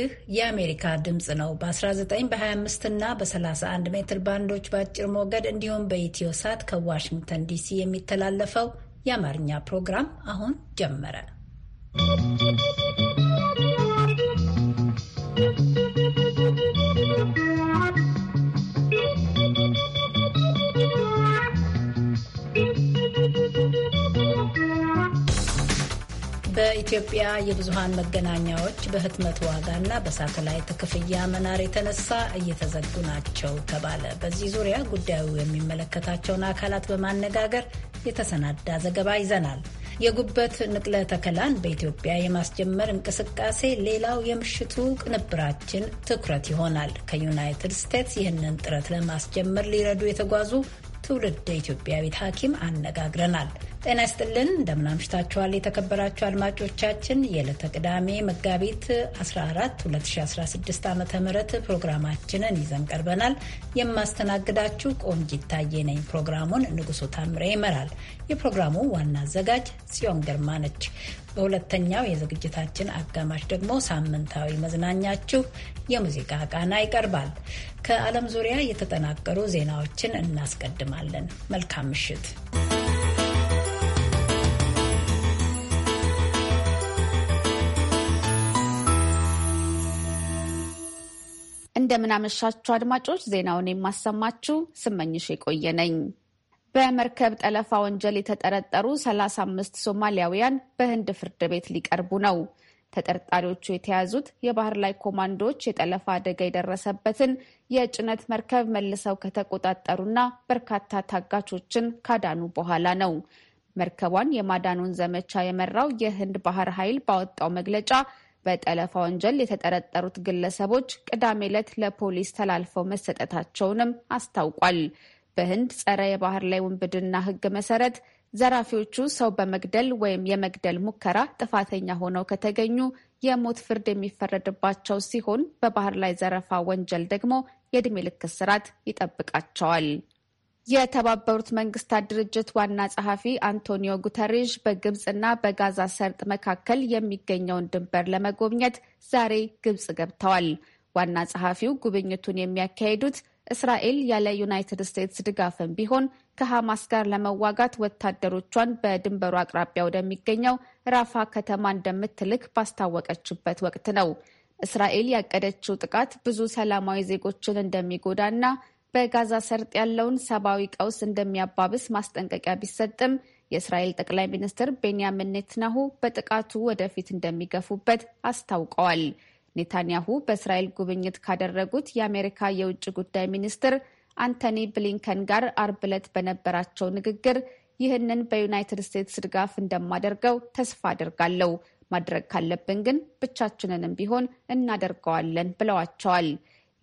ይህ የአሜሪካ ድምፅ ነው። በ19 በ25 እና በ31 ሜትር ባንዶች በአጭር ሞገድ እንዲሁም በኢትዮ ሳት ከዋሽንግተን ዲሲ የሚተላለፈው የአማርኛ ፕሮግራም አሁን ጀመረ። በኢትዮጵያ የብዙሀን መገናኛዎች በህትመት ዋጋና በሳተላይት ክፍያ መናር የተነሳ እየተዘጉ ናቸው ተባለ። በዚህ ዙሪያ ጉዳዩ የሚመለከታቸውን አካላት በማነጋገር የተሰናዳ ዘገባ ይዘናል። የጉበት ንቅለ ተከላን በኢትዮጵያ የማስጀመር እንቅስቃሴ ሌላው የምሽቱ ቅንብራችን ትኩረት ይሆናል። ከዩናይትድ ስቴትስ ይህንን ጥረት ለማስጀመር ሊረዱ የተጓዙ ትውልድ ኢትዮጵያዊት ሐኪም አነጋግረናል። ጤና ይስጥልን፣ እንደምናምሽታችኋል የተከበራችሁ አድማጮቻችን። የዕለተ ቅዳሜ መጋቢት 14 2016 ዓ ም ፕሮግራማችንን ይዘን ቀርበናል። የማስተናግዳችሁ ቆንጅ ይታየ ነኝ። ፕሮግራሙን ንጉሱ ታምሬ ይመራል። የፕሮግራሙ ዋና አዘጋጅ ጽዮን ግርማ ነች። በሁለተኛው የዝግጅታችን አጋማሽ ደግሞ ሳምንታዊ መዝናኛችሁ የሙዚቃ ቃና ይቀርባል። ከዓለም ዙሪያ የተጠናቀሩ ዜናዎችን እናስቀድማለን። መልካም ምሽት። እንደምናመሻችሁ አድማጮች፣ ዜናውን የማሰማችሁ ስመኝሽ የቆየ ነኝ። በመርከብ ጠለፋ ወንጀል የተጠረጠሩ 35 ሶማሊያውያን በህንድ ፍርድ ቤት ሊቀርቡ ነው። ተጠርጣሪዎቹ የተያዙት የባህር ላይ ኮማንዶዎች የጠለፋ አደጋ የደረሰበትን የጭነት መርከብ መልሰው ከተቆጣጠሩና በርካታ ታጋቾችን ካዳኑ በኋላ ነው። መርከቧን የማዳኑን ዘመቻ የመራው የህንድ ባህር ኃይል ባወጣው መግለጫ በጠለፋ ወንጀል የተጠረጠሩት ግለሰቦች ቅዳሜ ዕለት ለፖሊስ ተላልፈው መሰጠታቸውንም አስታውቋል። በህንድ ጸረ የባህር ላይ ውንብድና ህግ መሰረት ዘራፊዎቹ ሰው በመግደል ወይም የመግደል ሙከራ ጥፋተኛ ሆነው ከተገኙ የሞት ፍርድ የሚፈረድባቸው ሲሆን በባህር ላይ ዘረፋ ወንጀል ደግሞ የዕድሜ ልክ እስራት ይጠብቃቸዋል። የተባበሩት መንግስታት ድርጅት ዋና ጸሐፊ አንቶኒዮ ጉተሬዥ በግብፅና በጋዛ ሰርጥ መካከል የሚገኘውን ድንበር ለመጎብኘት ዛሬ ግብፅ ገብተዋል። ዋና ጸሐፊው ጉብኝቱን የሚያካሂዱት እስራኤል ያለ ዩናይትድ ስቴትስ ድጋፍም ቢሆን ከሐማስ ጋር ለመዋጋት ወታደሮቿን በድንበሩ አቅራቢያ ወደሚገኘው ራፋ ከተማ እንደምትልክ ባስታወቀችበት ወቅት ነው። እስራኤል ያቀደችው ጥቃት ብዙ ሰላማዊ ዜጎችን እንደሚጎዳ እና በጋዛ ሰርጥ ያለውን ሰብአዊ ቀውስ እንደሚያባብስ ማስጠንቀቂያ ቢሰጥም የእስራኤል ጠቅላይ ሚኒስትር ቤንያሚን ኔትናሁ በጥቃቱ ወደፊት እንደሚገፉበት አስታውቀዋል። ኔታንያሁ በእስራኤል ጉብኝት ካደረጉት የአሜሪካ የውጭ ጉዳይ ሚኒስትር አንቶኒ ብሊንከን ጋር አርብ ዕለት በነበራቸው ንግግር ይህንን በዩናይትድ ስቴትስ ድጋፍ እንደማደርገው ተስፋ አድርጋለሁ፣ ማድረግ ካለብን ግን ብቻችንንም ቢሆን እናደርገዋለን ብለዋቸዋል።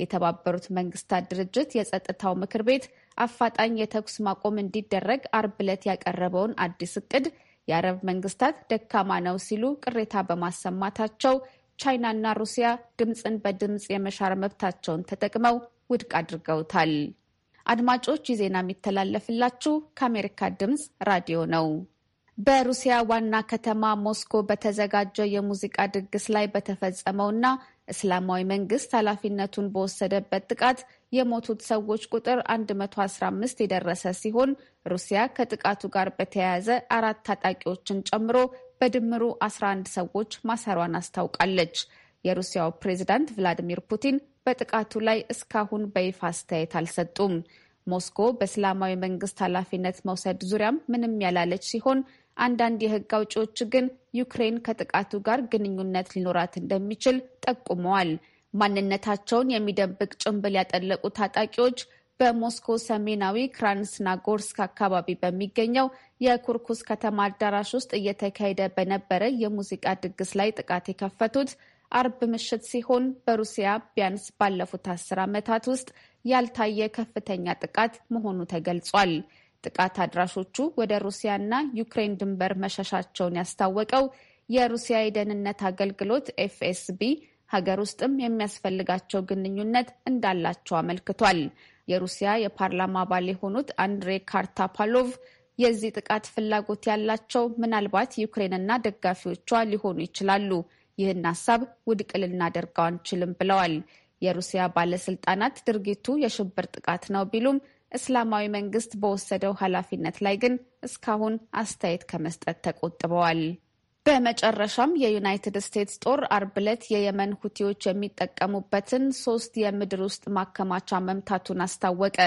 የተባበሩት መንግስታት ድርጅት የጸጥታው ምክር ቤት አፋጣኝ የተኩስ ማቆም እንዲደረግ አርብ ዕለት ያቀረበውን አዲስ እቅድ የአረብ መንግስታት ደካማ ነው ሲሉ ቅሬታ በማሰማታቸው ቻይናና ሩሲያ ድምፅን በድምፅ የመሻር መብታቸውን ተጠቅመው ውድቅ አድርገውታል። አድማጮች ዜና የሚተላለፍላችሁ ከአሜሪካ ድምፅ ራዲዮ ነው። በሩሲያ ዋና ከተማ ሞስኮ በተዘጋጀ የሙዚቃ ድግስ ላይ በተፈጸመውና እስላማዊ መንግስት ኃላፊነቱን በወሰደበት ጥቃት የሞቱት ሰዎች ቁጥር 115 የደረሰ ሲሆን ሩሲያ ከጥቃቱ ጋር በተያያዘ አራት ታጣቂዎችን ጨምሮ በድምሩ 11 ሰዎች ማሰሯን አስታውቃለች። የሩሲያው ፕሬዝዳንት ቭላዲሚር ፑቲን በጥቃቱ ላይ እስካሁን በይፋ አስተያየት አልሰጡም። ሞስኮ በእስላማዊ መንግስት ኃላፊነት መውሰድ ዙሪያም ምንም ያላለች ሲሆን አንዳንድ የህግ አውጪዎች ግን ዩክሬን ከጥቃቱ ጋር ግንኙነት ሊኖራት እንደሚችል ጠቁመዋል። ማንነታቸውን የሚደብቅ ጭንብል ያጠለቁ ታጣቂዎች በሞስኮ ሰሜናዊ ክራንስናጎርስክ አካባቢ በሚገኘው የኩርኩስ ከተማ አዳራሽ ውስጥ እየተካሄደ በነበረ የሙዚቃ ድግስ ላይ ጥቃት የከፈቱት አርብ ምሽት ሲሆን በሩሲያ ቢያንስ ባለፉት አስር ዓመታት ውስጥ ያልታየ ከፍተኛ ጥቃት መሆኑ ተገልጿል። ጥቃት አድራሾቹ ወደ ሩሲያና ዩክሬን ድንበር መሸሻቸውን ያስታወቀው የሩሲያ የደህንነት አገልግሎት ኤፍኤስቢ ሀገር ውስጥም የሚያስፈልጋቸው ግንኙነት እንዳላቸው አመልክቷል። የሩሲያ የፓርላማ አባል የሆኑት አንድሬ ካርታፓሎቭ የዚህ ጥቃት ፍላጎት ያላቸው ምናልባት ዩክሬንና ደጋፊዎቿ ሊሆኑ ይችላሉ። ይህን ሀሳብ ውድቅ ልናደርገው አንችልም ብለዋል። የሩሲያ ባለስልጣናት ድርጊቱ የሽብር ጥቃት ነው ቢሉም እስላማዊ መንግስት በወሰደው ኃላፊነት ላይ ግን እስካሁን አስተያየት ከመስጠት ተቆጥበዋል። በመጨረሻም የዩናይትድ ስቴትስ ጦር አርብ ዕለት የየመን ሁቲዎች የሚጠቀሙበትን ሶስት የምድር ውስጥ ማከማቻ መምታቱን አስታወቀ።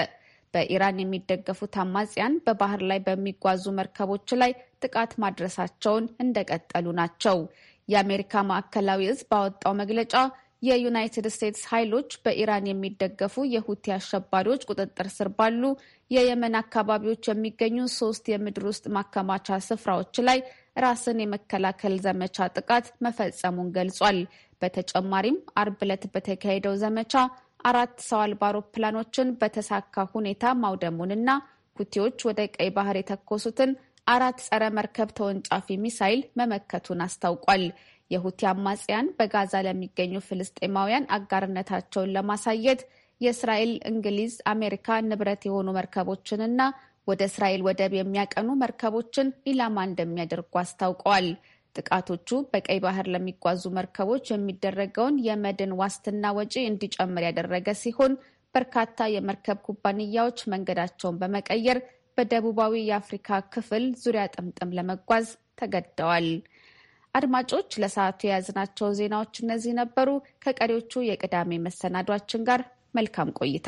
በኢራን የሚደገፉት አማጽያን በባህር ላይ በሚጓዙ መርከቦች ላይ ጥቃት ማድረሳቸውን እንደቀጠሉ ናቸው። የአሜሪካ ማዕከላዊ እዝ ባወጣው መግለጫ የዩናይትድ ስቴትስ ኃይሎች በኢራን የሚደገፉ የሁቲ አሸባሪዎች ቁጥጥር ስር ባሉ የየመን አካባቢዎች የሚገኙ ሶስት የምድር ውስጥ ማከማቻ ስፍራዎች ላይ ራስን የመከላከል ዘመቻ ጥቃት መፈጸሙን ገልጿል። በተጨማሪም አርብ ዕለት በተካሄደው ዘመቻ አራት ሰው አልባ አውሮፕላኖችን በተሳካ ሁኔታ ማውደሙንና ሁቲዎች ወደ ቀይ ባህር የተኮሱትን አራት ጸረ መርከብ ተወንጫፊ ሚሳይል መመከቱን አስታውቋል። የሁቲ አማጽያን በጋዛ ለሚገኙ ፍልስጤማውያን አጋርነታቸውን ለማሳየት የእስራኤል፣ እንግሊዝ፣ አሜሪካ ንብረት የሆኑ መርከቦችንና ወደ እስራኤል ወደብ የሚያቀኑ መርከቦችን ኢላማ እንደሚያደርጉ አስታውቀዋል። ጥቃቶቹ በቀይ ባህር ለሚጓዙ መርከቦች የሚደረገውን የመድን ዋስትና ወጪ እንዲጨምር ያደረገ ሲሆን በርካታ የመርከብ ኩባንያዎች መንገዳቸውን በመቀየር በደቡባዊ የአፍሪካ ክፍል ዙሪያ ጥምጥም ለመጓዝ ተገደዋል። አድማጮች፣ ለሰዓቱ የያዝናቸው ዜናዎች እነዚህ ነበሩ። ከቀሪዎቹ የቅዳሜ መሰናዷችን ጋር መልካም ቆይታ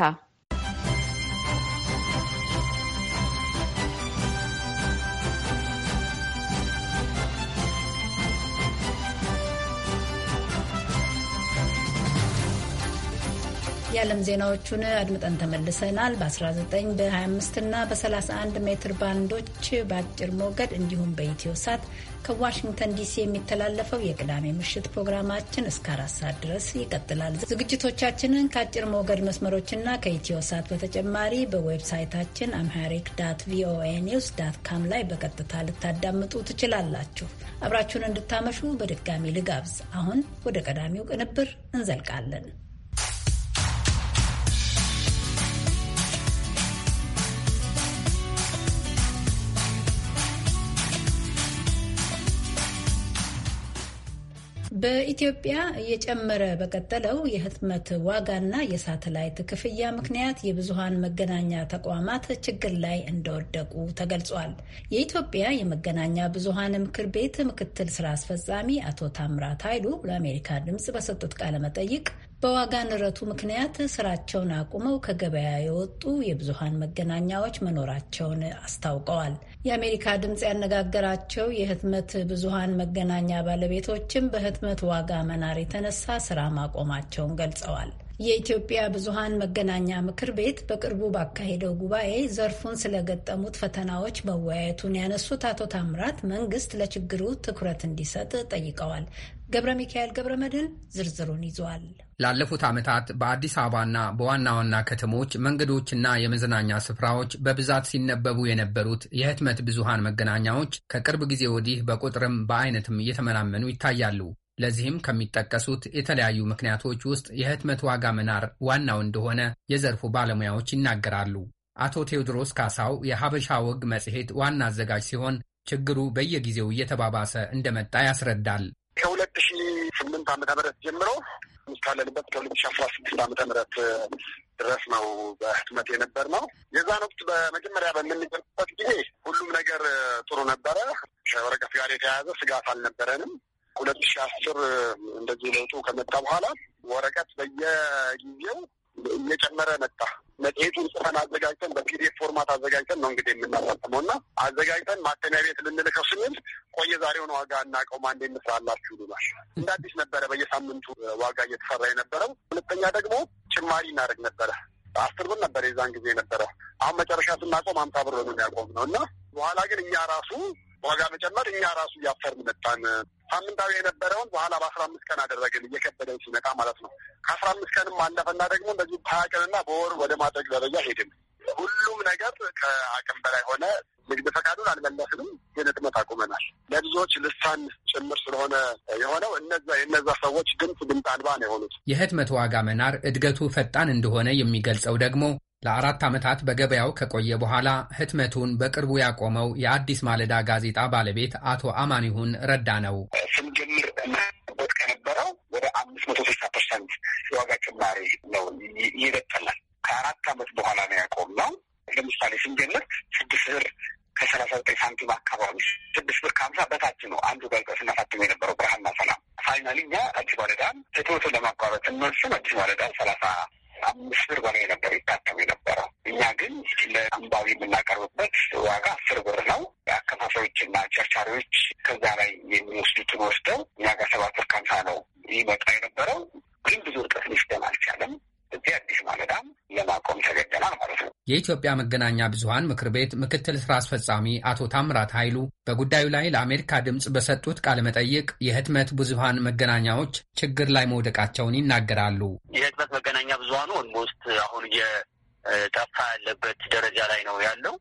የዓለም ዜናዎቹን አድምጠን ተመልሰናል። በ19 በ25 እና በ31 ሜትር ባንዶች በአጭር ሞገድ እንዲሁም በኢትዮ ሳት ከዋሽንግተን ዲሲ የሚተላለፈው የቅዳሜ ምሽት ፕሮግራማችን እስከ አራት ሰዓት ድረስ ይቀጥላል። ዝግጅቶቻችንን ከአጭር ሞገድ መስመሮችና ከኢትዮ ሳት በተጨማሪ በዌብሳይታችን አምሃሪክ ዳት ቪኦኤ ኒውስ ዳት ካም ላይ በቀጥታ ልታዳምጡ ትችላላችሁ። አብራችሁን እንድታመሹ በድጋሚ ልጋብዝ። አሁን ወደ ቀዳሚው ቅንብር እንዘልቃለን። በኢትዮጵያ እየጨመረ በቀጠለው የህትመት ዋጋና የሳተላይት ክፍያ ምክንያት የብዙሀን መገናኛ ተቋማት ችግር ላይ እንደወደቁ ተገልጿል። የኢትዮጵያ የመገናኛ ብዙሀን ምክር ቤት ምክትል ስራ አስፈጻሚ አቶ ታምራት ኃይሉ ለአሜሪካ ድምፅ በሰጡት ቃለ መጠይቅ በዋጋ ንረቱ ምክንያት ስራቸውን አቁመው ከገበያ የወጡ የብዙሀን መገናኛዎች መኖራቸውን አስታውቀዋል። የአሜሪካ ድምፅ ያነጋገራቸው የህትመት ብዙሀን መገናኛ ባለቤቶችም በህትመት ዋጋ መናር የተነሳ ስራ ማቆማቸውን ገልጸዋል። የኢትዮጵያ ብዙሀን መገናኛ ምክር ቤት በቅርቡ ባካሄደው ጉባኤ ዘርፉን ስለገጠሙት ፈተናዎች መወያየቱን ያነሱት አቶ ታምራት መንግስት ለችግሩ ትኩረት እንዲሰጥ ጠይቀዋል። ገብረ ሚካኤል ገብረ መድህን ዝርዝሩን ይዟል። ላለፉት ዓመታት በአዲስ አበባና በዋና ዋና ከተሞች መንገዶችና የመዝናኛ ስፍራዎች በብዛት ሲነበቡ የነበሩት የህትመት ብዙሃን መገናኛዎች ከቅርብ ጊዜ ወዲህ በቁጥርም በአይነትም እየተመናመኑ ይታያሉ። ለዚህም ከሚጠቀሱት የተለያዩ ምክንያቶች ውስጥ የህትመት ዋጋ መናር ዋናው እንደሆነ የዘርፉ ባለሙያዎች ይናገራሉ። አቶ ቴዎድሮስ ካሳው የሀበሻ ወግ መጽሔት ዋና አዘጋጅ ሲሆን ችግሩ በየጊዜው እየተባባሰ እንደመጣ ያስረዳል። ከስምንት ዓመተ ምህረት ጀምሮ እስካለንበት ከሁለት ሺ አስራ ስድስት ዓመተ ምህረት ድረስ ነው በህትመት የነበር ነው። የዛን ወቅት በመጀመሪያ በምንጀምርበት ጊዜ ሁሉም ነገር ጥሩ ነበረ። ከወረቀት ጋር የተያያዘ ስጋት አልነበረንም። ሁለት ሺ አስር እንደዚህ ለውጡ ከመጣ በኋላ ወረቀት በየጊዜው እየጨመረ መጣ። መጽሔቱን ጽፈን አዘጋጅተን በፒዲኤፍ ፎርማት አዘጋጅተን ነው እንግዲህ የምናሳትመው እና አዘጋጅተን ማተሚያ ቤት ልንልከው ስንል ቆየ ዛሬውን ዋጋ እናቀውም አንዴ እንስራላችሁ ይሉናል። እንደ አዲስ ነበረ በየሳምንቱ ዋጋ እየተሰራ የነበረው። ሁለተኛ ደግሞ ጭማሪ እናደርግ ነበረ። አስር ብር ነበር የዛን ጊዜ ነበረ። አሁን መጨረሻ ስናቆም አምሳ ብር ነው የሚያቆም ነው እና በኋላ ግን እኛ ራሱ ዋጋ መጨመር እኛ ራሱ እያፈርን መጣን። ሳምንታዊ የነበረውን በኋላ በአስራ አምስት ቀን አደረግን እየከበደን ሲመጣ ማለት ነው። ከአስራ አምስት ቀንም አለፈና ደግሞ እንደዚህ በሀያ ቀንና በወር ወደ ማድረግ ደረጃ ሄድን። ሁሉም ነገር ከአቅም በላይ ሆነ። ንግድ ፈቃዱን አልመለስንም፣ ግን ህትመት አቁመናል። ለብዙዎች ልሳን ጭምር ስለሆነ የሆነው እነዛ የእነዛ ሰዎች ድምፅ ድምፅ አልባ ነው የሆኑት። የህትመት ዋጋ መናር እድገቱ ፈጣን እንደሆነ የሚገልጸው ደግሞ ለአራት ዓመታት በገበያው ከቆየ በኋላ ህትመቱን በቅርቡ ያቆመው የአዲስ ማለዳ ጋዜጣ ባለቤት አቶ አማኒሁን ረዳ ነው። ስንጀምር እናበት ከነበረው ወደ አምስት መቶ ስልሳ ፐርሰንት ዋጋ ጭማሪ ነው ይበጠላል። ከአራት ዓመት በኋላ ነው ያቆምነው። ለምሳሌ ስንጀምር ስድስት ብር ከሰላሳ ዘጠኝ ሳንቲም አካባቢ ስድስት ብር ከሀምሳ በታች ነው አንዱ ጋዜጣ ስናሳትም የነበረው ብርሃንና ሰላም። ፋይናሊ እኛ አዲስ ማለዳን ህትመቱን ለማቋረጥ እነሱም አዲስ ማለዳን ሰላሳ አምስት ብር በላይ ነበር ይታተም የነበረው። እኛ ግን ለአንባቢ የምናቀርብበት ዋጋ አስር ብር ነው። አከፋፋዮችና ቸርቻሪዎች ከዛ ላይ የሚወስዱትን ወስደው እኛ ጋር ሰባት ብር ከሀምሳ ነው ይመጣ የነበረው። ግን ብዙ እርቀት ሊስተን አልቻለም። እዚህ አዲስ ማለዳም ለማቆም ተገደናል ማለት ነው። የኢትዮጵያ መገናኛ ብዙሀን ምክር ቤት ምክትል ስራ አስፈጻሚ አቶ ታምራት ኃይሉ በጉዳዩ ላይ ለአሜሪካ ድምፅ በሰጡት ቃለ መጠይቅ የህትመት ብዙሀን መገናኛዎች ችግር ላይ መውደቃቸውን ይናገራሉ። የህትመት መገናኛ ብዙሀኑ ኦልሞስት አሁን የጠፋ ያለበት ደረጃ ላይ ነው ያለው።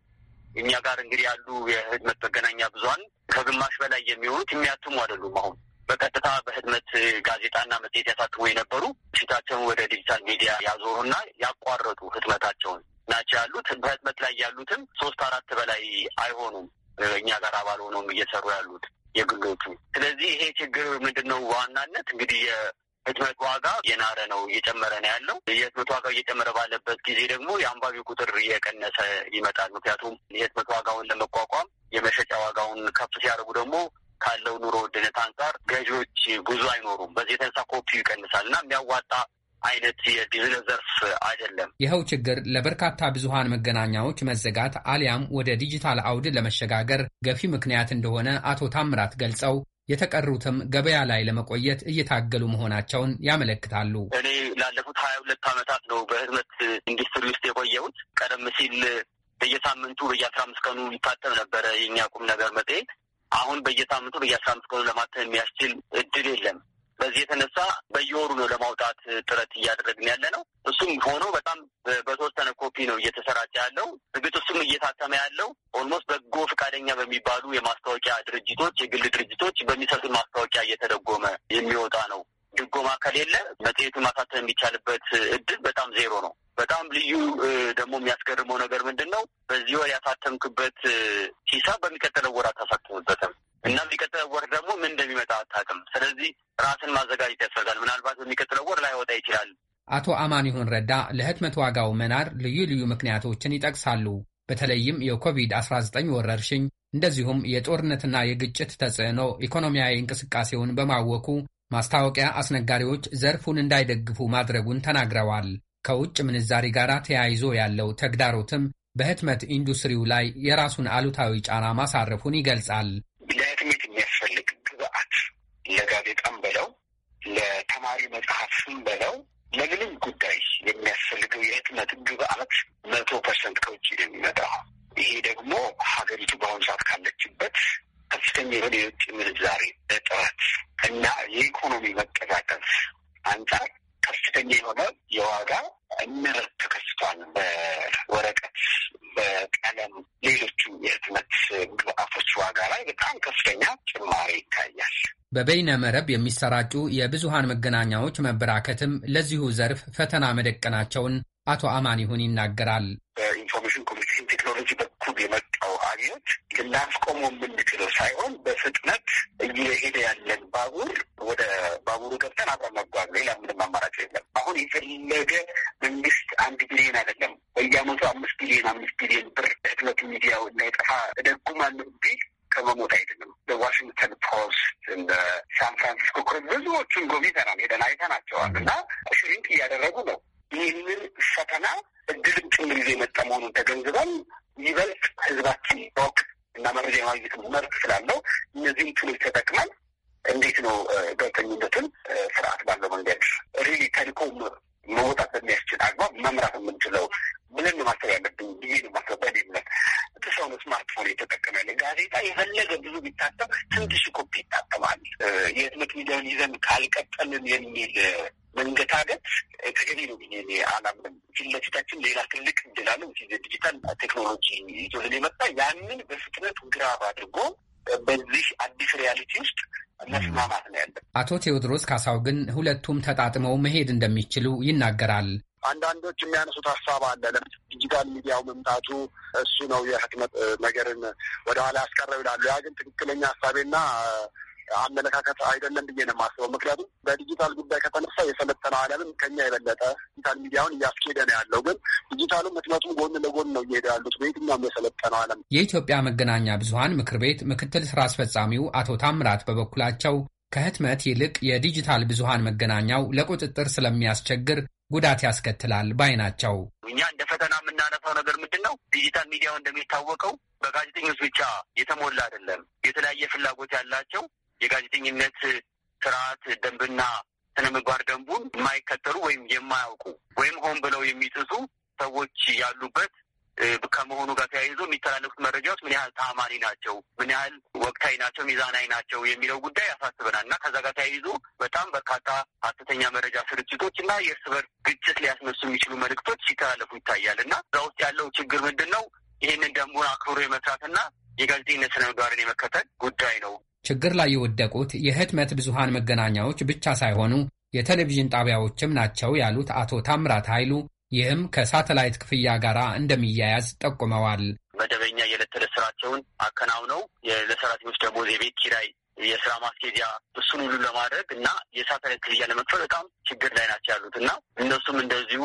እኛ ጋር እንግዲህ ያሉ የህትመት መገናኛ ብዙሀን ከግማሽ በላይ የሚሆኑት የሚያትሙ አይደሉም አሁን በቀጥታ በህትመት ጋዜጣና መጽሔት ያሳትሙ የነበሩ ፊታቸውን ወደ ዲጂታል ሚዲያ ያዞሩና ያቋረጡ ህትመታቸውን ናቸው ያሉት። በህትመት ላይ ያሉትም ሶስት አራት በላይ አይሆኑም እኛ ጋር አባል ሆኖም እየሰሩ ያሉት የግሎቹ። ስለዚህ ይሄ ችግር ምንድን ነው? ዋናነት እንግዲህ የህትመት ዋጋ እየናረ ነው፣ እየጨመረ ነው ያለው። የህትመት ዋጋ እየጨመረ ባለበት ጊዜ ደግሞ የአንባቢ ቁጥር እየቀነሰ ይመጣል። ምክንያቱም የህትመት ዋጋውን ለመቋቋም የመሸጫ ዋጋውን ከፍ ሲያደርጉ ደግሞ ካለው ኑሮ ውድነት አንጻር ገዢዎች ብዙ አይኖሩም። በዚህ የተነሳ ኮፒው ይቀንሳል እና የሚያዋጣ አይነት የቢዝነስ ዘርፍ አይደለም። ይኸው ችግር ለበርካታ ብዙሃን መገናኛዎች መዘጋት አሊያም ወደ ዲጂታል አውድ ለመሸጋገር ገፊ ምክንያት እንደሆነ አቶ ታምራት ገልጸው የተቀሩትም ገበያ ላይ ለመቆየት እየታገሉ መሆናቸውን ያመለክታሉ። እኔ ላለፉት ሀያ ሁለት ዓመታት ነው በህትመት ኢንዱስትሪ ውስጥ የቆየሁት። ቀደም ሲል በየሳምንቱ በየአስራ አምስት ቀኑ ይታተም ነበረ የኛ ቁም ነገር መጽሔት። አሁን በየሳምንቱ በየአስራ አምስት ቀኑ ለማተም የሚያስችል እድል የለም። በዚህ የተነሳ በየወሩ ነው ለማውጣት ጥረት እያደረግን ያለ ነው። እሱም ሆኖ በጣም በተወሰነ ኮፒ ነው እየተሰራጨ ያለው። እርግጥ እሱም እየታተመ ያለው ኦልሞስት በጎ ፈቃደኛ በሚባሉ የማስታወቂያ ድርጅቶች፣ የግል ድርጅቶች በሚሰጡን ማስታወቂያ እየተደጎመ የሚወጣ ነው። ድጎማ ከሌለ መጽሔቱ ማሳተም የሚቻልበት እድል በጣም ዜሮ ነው። በጣም ልዩ ደግሞ የሚያስገርመው ነገር ምንድን ነው? በዚህ ወር ያሳተምክበት ሂሳብ በሚቀጥለው ወር አታሳትምበትም እና የሚቀጥለው ወር ደግሞ ምን እንደሚመጣ አታውቅም። ስለዚህ ራስን ማዘጋጀት ያስፈልጋል። ምናልባት በሚቀጥለው ወር ላይወጣ ይችላል። አቶ አማኒሁን ረዳ ለህትመት ዋጋው መናር ልዩ ልዩ ምክንያቶችን ይጠቅሳሉ። በተለይም የኮቪድ-19 ወረርሽኝ እንደዚሁም የጦርነትና የግጭት ተጽዕኖ ኢኮኖሚያዊ እንቅስቃሴውን በማወኩ ማስታወቂያ አስነጋሪዎች ዘርፉን እንዳይደግፉ ማድረጉን ተናግረዋል። ከውጭ ምንዛሪ ጋር ተያይዞ ያለው ተግዳሮትም በህትመት ኢንዱስትሪው ላይ የራሱን አሉታዊ ጫና ማሳረፉን ይገልጻል። በበይነ መረብ የሚሰራጩ የብዙሃን መገናኛዎች መበራከትም ለዚሁ ዘርፍ ፈተና መደቀናቸውን አቶ አማን ይሁን ይናገራል። በኢንፎርሜሽን ኮሚኒኬሽን ቴክኖሎጂ በኩል የመጣው አብዮት ልናስቆመው የምንችለው ሳይሆን በፍጥነት እየሄደ ያለን ባቡር ቴዎድሮስ ካሳው ግን ሁለቱም ተጣጥመው መሄድ እንደሚችሉ ይናገራል። አንዳንዶች የሚያነሱት ሀሳብ አለ። ዲጂታል ሚዲያው መምጣቱ እሱ ነው የህትመት ነገርን ወደኋላ ያስቀረው ይላሉ። ያ ግን ትክክለኛ ሀሳቤና አመለካከት አይደለም ብዬ ነው የማስበው። ምክንያቱም በዲጂታል ጉዳይ ከተነሳ የሰለጠነው ዓለምም ከኛ የበለጠ ዲጂታል ሚዲያውን እያስኬደ ነው ያለው። ግን ዲጂታሉም ምክንያቱም ጎን ለጎን ነው እየሄደ ያሉት በየትኛውም የሰለጠነው ዓለም። የኢትዮጵያ መገናኛ ብዙኃን ምክር ቤት ምክትል ስራ አስፈጻሚው አቶ ታምራት በበኩላቸው ከህትመት ይልቅ የዲጂታል ብዙሃን መገናኛው ለቁጥጥር ስለሚያስቸግር ጉዳት ያስከትላል ባይ ናቸው። እኛ እንደ ፈተና የምናነሳው ነገር ምንድን ነው? ዲጂታል ሚዲያው እንደሚታወቀው በጋዜጠኞች ብቻ የተሞላ አይደለም። የተለያየ ፍላጎት ያላቸው የጋዜጠኝነት ስርዓት ደንብና ስነ ምግባር ደንቡን የማይከተሉ ወይም የማያውቁ ወይም ሆን ብለው የሚጥሱ ሰዎች ያሉበት ከመሆኑ ጋር ተያይዞ የሚተላለፉት መረጃዎች ምን ያህል ተአማኒ ናቸው፣ ምን ያህል ወቅታዊ ናቸው፣ ሚዛናዊ ናቸው የሚለው ጉዳይ ያሳስበናል እና ከዛ ጋር ተያይዞ በጣም በርካታ ሀሰተኛ መረጃ ስርጭቶች እና የእርስ በርስ ግጭት ሊያስነሱ የሚችሉ መልእክቶች ሲተላለፉ ይታያል እና እዛ ውስጥ ያለው ችግር ምንድን ነው? ይህንን ደንቡን አክብሮ የመስራትና የጋዜጠኝነት ስነ ምግባርን የመከተል ጉዳይ ነው። ችግር ላይ የወደቁት የህትመት ብዙሀን መገናኛዎች ብቻ ሳይሆኑ የቴሌቪዥን ጣቢያዎችም ናቸው ያሉት አቶ ታምራት ኃይሉ ይህም ከሳተላይት ክፍያ ጋር እንደሚያያዝ ጠቁመዋል። መደበኛ የዕለት ተዕለት ስራቸውን አከናውነው ለሰራተኞች ደሞዝ፣ የቤት ኪራይ፣ የስራ ማስኬጃ እሱን ሁሉ ለማድረግ እና የሳተላይት ክፍያ ለመክፈል በጣም ችግር ላይ ናቸው ያሉት እና እነሱም እንደዚሁ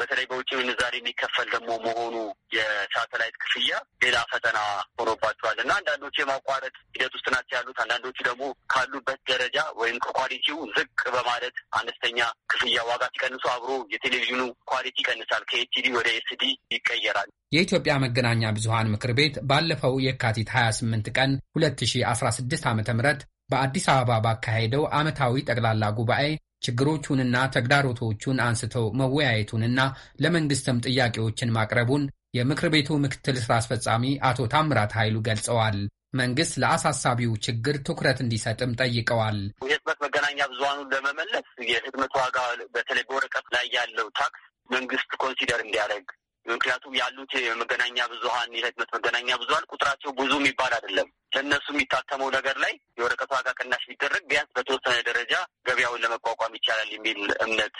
በተለይ በውጭ ምንዛሬ የሚከፈል ደግሞ መሆኑ የሳተላይት ክፍያ ሌላ ፈተና ሆኖባቸዋል እና አንዳንዶቹ የማቋረጥ ሂደት ውስጥ ናቸው ያሉት። አንዳንዶቹ ደግሞ ካሉበት ደረጃ ወይም ከኳሊቲው ዝቅ በማለት አነስተኛ ክፍያ ዋጋ ሲቀንሱ አብሮ የቴሌቪዥኑ ኳሊቲ ይቀንሳል፣ ከኤችዲ ወደ ኤስዲ ይቀየራል። የኢትዮጵያ መገናኛ ብዙሃን ምክር ቤት ባለፈው የካቲት 28 ቀን 2016 ዓ ም በአዲስ አበባ ባካሄደው ዓመታዊ ጠቅላላ ጉባኤ ችግሮቹንና ተግዳሮቶቹን አንስተው መወያየቱንና ለመንግስትም ጥያቄዎችን ማቅረቡን የምክር ቤቱ ምክትል ሥራ አስፈጻሚ አቶ ታምራት ኃይሉ ገልጸዋል። መንግሥት ለአሳሳቢው ችግር ትኩረት እንዲሰጥም ጠይቀዋል። የህትመት መገናኛ ብዙሃኑን ለመመለስ የህትመት ዋጋ በተለይ በወረቀት ላይ ያለው ታክስ መንግስት ኮንሲደር እንዲያደርግ ምክንያቱም ያሉት መገናኛ ብዙሀን የህትመት መገናኛ ብዙሀን ቁጥራቸው ብዙ የሚባል አይደለም። ለእነሱ የሚታተመው ነገር ላይ የወረቀቱ ዋጋ ቅናሽ ቢደረግ ቢያንስ በተወሰነ ደረጃ ገበያውን ለመቋቋም ይቻላል የሚል እምነት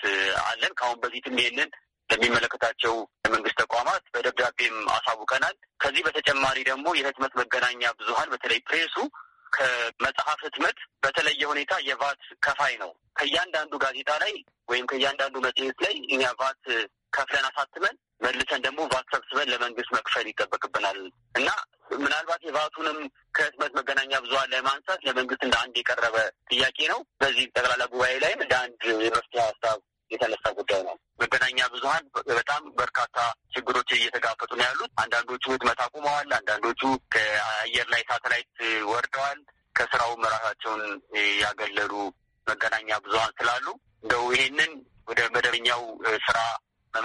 አለን። ከአሁን በፊትም ይሄንን ለሚመለከታቸው የመንግስት ተቋማት በደብዳቤም አሳውቀናል። ከዚህ በተጨማሪ ደግሞ የህትመት መገናኛ ብዙሀን በተለይ ፕሬሱ ከመጽሐፍ ህትመት በተለየ ሁኔታ የቫት ከፋይ ነው። ከእያንዳንዱ ጋዜጣ ላይ ወይም ከእያንዳንዱ መጽሔት ላይ እኛ ቫት ከፍለን አሳትመን መልሰን ደግሞ ቫት ሰብስበን ለመንግስት መክፈል ይጠበቅብናል እና ምናልባት የቫቱንም ከህትመት መገናኛ ብዙሃን ላይ ማንሳት ለመንግስት እንደ አንድ የቀረበ ጥያቄ ነው። በዚህ ጠቅላላ ጉባኤ ላይም እንደ አንድ የመፍትሄ ሀሳብ የተነሳ ጉዳይ ነው። መገናኛ ብዙሀን በጣም በርካታ ችግሮች እየተጋፈጡ ነው ያሉት። አንዳንዶቹ ህትመት አቁመዋል። አንዳንዶቹ ከአየር ላይ ሳተላይት ወርደዋል። ከስራውም ራሳቸውን ያገለሉ መገናኛ ብዙሀን ስላሉ እንደው ይሄንን ወደ መደበኛው ስራ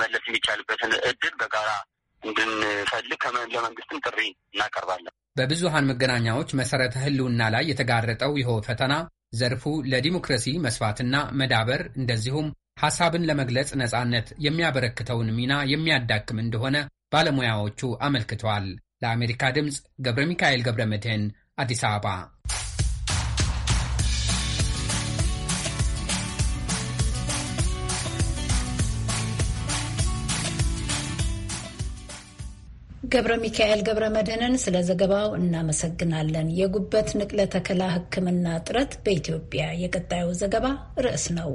መመለስ የሚቻልበትን እድል በጋራ እንድንፈልግ ለመንግስትም ጥሪ እናቀርባለን። በብዙሃን መገናኛዎች መሰረተ ህልውና ላይ የተጋረጠው ይኸው ፈተና ዘርፉ ለዲሞክራሲ መስፋትና መዳበር እንደዚሁም ሐሳብን ለመግለጽ ነጻነት የሚያበረክተውን ሚና የሚያዳክም እንደሆነ ባለሙያዎቹ አመልክተዋል። ለአሜሪካ ድምፅ ገብረ ሚካኤል ገብረ መድህን አዲስ አበባ ገብረ ሚካኤል ገብረ መድህንን ስለ ዘገባው እናመሰግናለን። የጉበት ንቅለ ተከላ ሕክምና ጥረት በኢትዮጵያ የቀጣዩ ዘገባ ርዕስ ነው።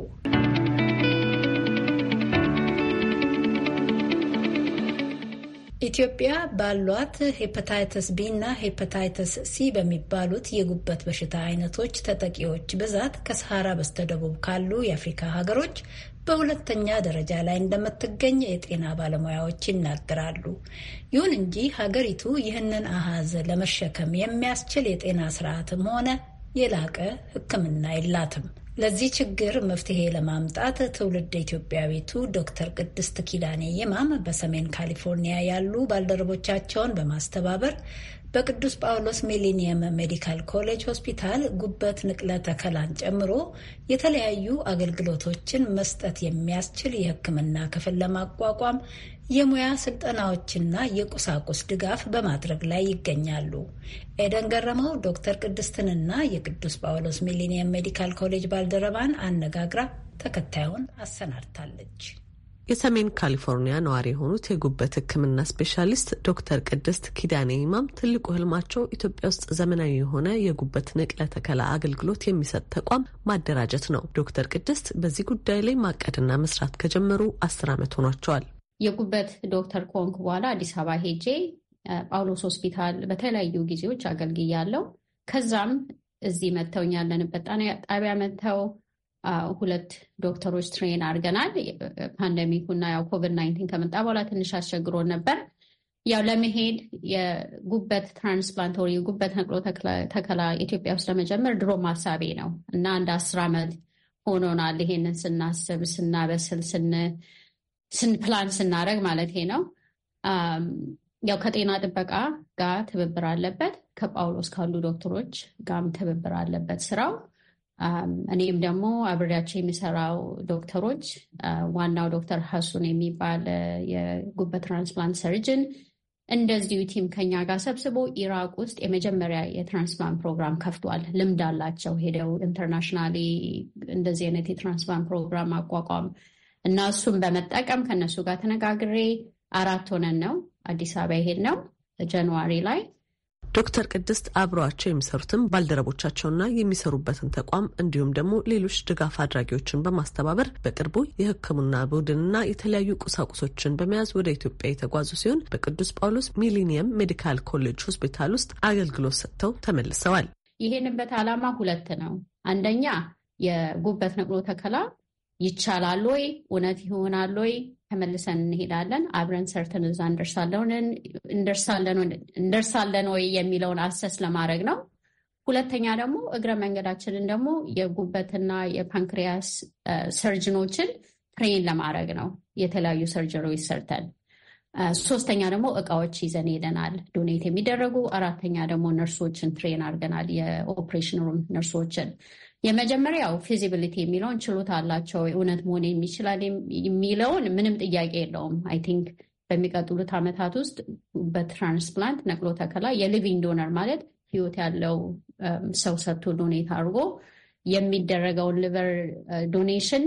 ኢትዮጵያ ባሏት ሄፓታይተስ ቢ እና ሄፓታይተስ ሲ በሚባሉት የጉበት በሽታ አይነቶች ተጠቂዎች ብዛት ከሰሃራ በስተደቡብ ካሉ የአፍሪካ ሀገሮች በሁለተኛ ደረጃ ላይ እንደምትገኝ የጤና ባለሙያዎች ይናገራሉ። ይሁን እንጂ ሀገሪቱ ይህንን አሃዝ ለመሸከም የሚያስችል የጤና ስርዓትም ሆነ የላቀ ሕክምና የላትም። ለዚህ ችግር መፍትሄ ለማምጣት ትውልድ ኢትዮጵያዊቱ ዶክተር ቅድስት ኪዳኔ ይማም በሰሜን ካሊፎርኒያ ያሉ ባልደረቦቻቸውን በማስተባበር በቅዱስ ጳውሎስ ሚሊኒየም ሜዲካል ኮሌጅ ሆስፒታል ጉበት ንቅለ ተከላን ጨምሮ የተለያዩ አገልግሎቶችን መስጠት የሚያስችል የሕክምና ክፍል ለማቋቋም የሙያ ስልጠናዎችና የቁሳቁስ ድጋፍ በማድረግ ላይ ይገኛሉ። ኤደን ገረመው ዶክተር ቅድስትንና የቅዱስ ጳውሎስ ሚሊኒየም ሜዲካል ኮሌጅ ባልደረባን አነጋግራ ተከታዩን አሰናድታለች። የሰሜን ካሊፎርኒያ ነዋሪ የሆኑት የጉበት ሕክምና ስፔሻሊስት ዶክተር ቅድስት ኪዳኔ ኢማም ትልቁ ህልማቸው ኢትዮጵያ ውስጥ ዘመናዊ የሆነ የጉበት ንቅለ ተከላ አገልግሎት የሚሰጥ ተቋም ማደራጀት ነው። ዶክተር ቅድስት በዚህ ጉዳይ ላይ ማቀድና መስራት ከጀመሩ አስር ዓመት ሆኗቸዋል። የጉበት ዶክተር ኮንክ በኋላ አዲስ አበባ ሄጄ ጳውሎስ ሆስፒታል በተለያዩ ጊዜዎች አገልግያለሁ። ከዛም እዚህ መጥተው ያለንበት ጣቢያ መጥተው ሁለት ዶክተሮች ትሬን አድርገናል። ፓንደሚኩና ያው ኮቪድ ናይንቲን ከመጣ በኋላ ትንሽ አስቸግሮ ነበር። ያው ለመሄድ የጉበት ትራንስፕላንት ወር የጉበት ነቅሎ ተከላ ኢትዮጵያ ውስጥ ለመጀመር ድሮ ማሳቤ ነው እና አንድ አስር ዓመት ሆኖናል። ይሄንን ስናስብ ስናበስል ስንፕላን ስናደረግ ማለት ነው። ያው ከጤና ጥበቃ ጋር ትብብር አለበት፣ ከጳውሎስ ካሉ ዶክተሮች ጋርም ትብብር አለበት ስራው እኔም ደግሞ አብሬያቸው የሚሰራው ዶክተሮች ዋናው ዶክተር ሀሱን የሚባል የጉበት ትራንስፕላንት ሰርጅን እንደዚሁ ቲም ከኛ ጋር ሰብስቦ ኢራቅ ውስጥ የመጀመሪያ የትራንስፕላንት ፕሮግራም ከፍቷል። ልምድ አላቸው። ሄደው ኢንተርናሽናሊ እንደዚህ አይነት የትራንስፕላንት ፕሮግራም አቋቋም እና እሱን በመጠቀም ከነሱ ጋር ተነጋግሬ አራት ሆነን ነው አዲስ አበባ ነው ጃንዋሪ ላይ ዶክተር ቅድስት አብረዋቸው የሚሰሩትን ባልደረቦቻቸውና የሚሰሩበትን ተቋም እንዲሁም ደግሞ ሌሎች ድጋፍ አድራጊዎችን በማስተባበር በቅርቡ የሕክምና ቡድንና የተለያዩ ቁሳቁሶችን በመያዝ ወደ ኢትዮጵያ የተጓዙ ሲሆን በቅዱስ ጳውሎስ ሚሊኒየም ሜዲካል ኮሌጅ ሆስፒታል ውስጥ አገልግሎት ሰጥተው ተመልሰዋል። ይሄንበት ዓላማ ሁለት ነው። አንደኛ የጉበት ነቅሎ ተከላ ይቻላል ወይ እውነት ይሆናል ወይ ተመልሰን እንሄዳለን፣ አብረን ሰርተን እዛ እንደርሳለን ወይ የሚለውን አሰስ ለማድረግ ነው። ሁለተኛ ደግሞ እግረ መንገዳችንን ደግሞ የጉበትና የፓንክሪያስ ሰርጅኖችን ትሬን ለማድረግ ነው የተለያዩ ሰርጀሮች ሰርተን። ሶስተኛ ደግሞ እቃዎች ይዘን ሄደናል፣ ዶኔት የሚደረጉ አራተኛ ደግሞ ነርሶችን ትሬን አድርገናል፣ የኦፕሬሽን ሩም ነርሶችን የመጀመሪያው ፊዚቢሊቲ የሚለውን ችሎታ አላቸው እውነት መሆን የሚችላል የሚለውን ምንም ጥያቄ የለውም። አይ ቲንክ በሚቀጥሉት ዓመታት ውስጥ በትራንስፕላንት ነቅሎ ተከላ የሊቪንግ ዶነር ማለት ህይወት ያለው ሰው ሰጥቶ ዶኔት አድርጎ የሚደረገውን ሊቨር ዶኔሽን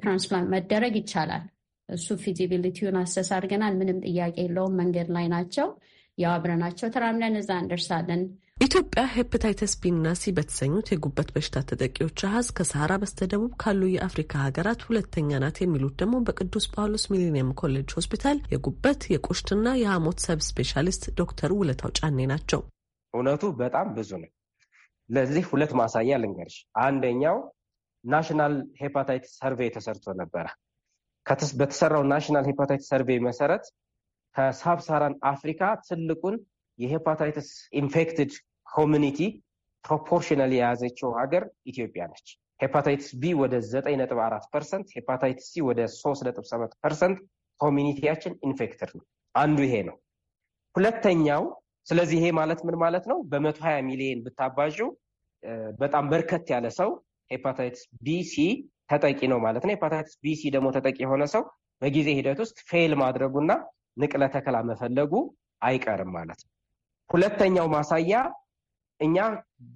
ትራንስፕላንት መደረግ ይቻላል። እሱ ፊዚቢሊቲውን አሰሳ አድርገናል። ምንም ጥያቄ የለውም። መንገድ ላይ ናቸው። ያው አብረናቸው ተራምደን እዛ እንደርሳለን። ኢትዮጵያ ሄፕታይተስ ቢና ሲ በተሰኙት የጉበት በሽታ ተጠቂዎች አሀዝ ከሰሃራ በስተደቡብ ካሉ የአፍሪካ ሀገራት ሁለተኛ ናት የሚሉት ደግሞ በቅዱስ ጳውሎስ ሚሊኒየም ኮሌጅ ሆስፒታል የጉበት የቆሽትና የሐሞት ሰብ ስፔሻሊስት ዶክተር ውለታው ጫኔ ናቸው። እውነቱ በጣም ብዙ ነው። ለዚህ ሁለት ማሳያ ልንገርሽ። አንደኛው ናሽናል ሄፓታይትስ ሰርቬይ ተሰርቶ ነበረ። በተሰራው ናሽናል ሄፓታይትስ ሰርቬይ መሰረት ከሳብሳራን አፍሪካ ትልቁን የሄፓታይተስ ኢንፌክትድ ኮሚኒቲ ፕሮፖርሽናል የያዘችው ሀገር ኢትዮጵያ ነች። ሄፓታይትስ ቢ ወደ ዘጠኝ ነጥብ አራት ፐርሰንት፣ ሄፓታይትስ ሲ ወደ ሶስት ነጥብ ሰባት ፐርሰንት ኮሚኒቲያችን ኢንፌክትድ ነው። አንዱ ይሄ ነው። ሁለተኛው ስለዚህ ይሄ ማለት ምን ማለት ነው? በመቶ ሀያ ሚሊየን ብታባዥ በጣም በርከት ያለ ሰው ሄፓታይትስ ቢ ሲ ተጠቂ ነው ማለት ነው። ሄፓታይትስ ቢ ሲ ደግሞ ተጠቂ የሆነ ሰው በጊዜ ሂደት ውስጥ ፌል ማድረጉና ንቅለ ተከላ መፈለጉ አይቀርም ማለት ነው። ሁለተኛው ማሳያ እኛ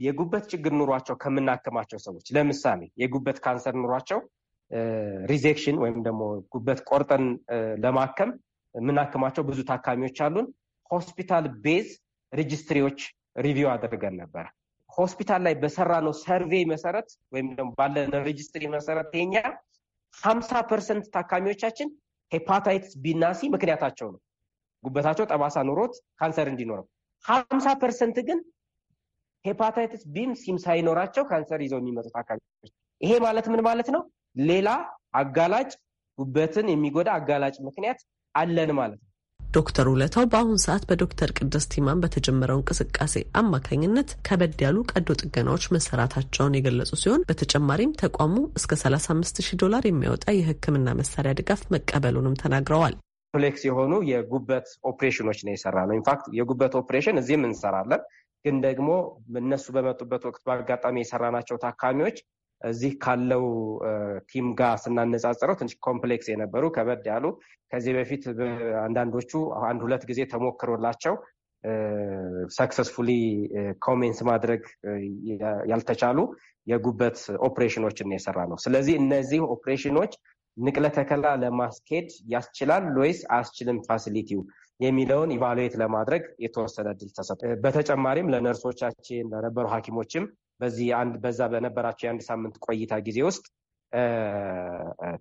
የጉበት ችግር ኑሯቸው ከምናክማቸው ሰዎች ለምሳሌ የጉበት ካንሰር ኑሯቸው ሪዜክሽን ወይም ደግሞ ጉበት ቆርጠን ለማከም የምናክማቸው ብዙ ታካሚዎች አሉን። ሆስፒታል ቤዝ ሬጅስትሪዎች ሪቪው አድርገን ነበረ። ሆስፒታል ላይ በሰራነው ሰርቬይ መሰረት ወይም ደግሞ ባለን ሬጅስትሪ መሰረት የኛ ሀምሳ ፐርሰንት ታካሚዎቻችን ሄፓታይትስ ቢናሲ ምክንያታቸው ነው ጉበታቸው ጠባሳ ኑሮት ካንሰር እንዲኖረው ሀምሳ ፐርሰንት ግን ሄፓታይትስ ቢም ሲም ሳይኖራቸው ካንሰር ይዘው የሚመጡት አካል ይሄ ማለት ምን ማለት ነው? ሌላ አጋላጭ ጉበትን የሚጎዳ አጋላጭ ምክንያት አለን ማለት ነው። ዶክተር ውለታው በአሁን ሰዓት በዶክተር ቅድስ ቲማን በተጀመረው እንቅስቃሴ አማካኝነት ከበድ ያሉ ቀዶ ጥገናዎች መሰራታቸውን የገለጹ ሲሆን በተጨማሪም ተቋሙ እስከ 35 ሺህ ዶላር የሚያወጣ የሕክምና መሳሪያ ድጋፍ መቀበሉንም ተናግረዋል። ኮምፕሌክስ የሆኑ የጉበት ኦፕሬሽኖች ነው የሰራ ነው። ኢንፋክት የጉበት ኦፕሬሽን እዚህም እንሰራለን፣ ግን ደግሞ እነሱ በመጡበት ወቅት በአጋጣሚ የሰራናቸው ታካሚዎች እዚህ ካለው ቲም ጋር ስናነጻጽረው ትንሽ ኮምፕሌክስ የነበሩ ከበድ ያሉ ከዚህ በፊት አንዳንዶቹ አንድ ሁለት ጊዜ ተሞክሮላቸው ሰክሰስፉሊ ኮሜንስ ማድረግ ያልተቻሉ የጉበት ኦፕሬሽኖችን የሰራ ነው። ስለዚህ እነዚህ ኦፕሬሽኖች ንቅለ ተከላ ለማስኬድ ያስችላል ወይስ አያስችልም ፋሲሊቲው የሚለውን ኢቫሉዌት ለማድረግ የተወሰነ እድል ተሰጥ። በተጨማሪም ለነርሶቻችን ለነበሩ ሐኪሞችም በዚህ በዛ በነበራቸው የአንድ ሳምንት ቆይታ ጊዜ ውስጥ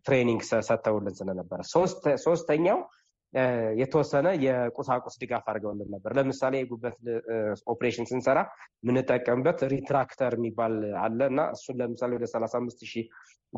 ትሬኒንግ ሰጥተውልን ስለነበረ ሶስተኛው የተወሰነ የቁሳቁስ ድጋፍ አድርገውልን ነበር። ለምሳሌ የጉበት ኦፕሬሽን ስንሰራ የምንጠቀምበት ሪትራክተር የሚባል አለ እና እሱን ለምሳሌ ወደ ሰላሳ አምስት ሺህ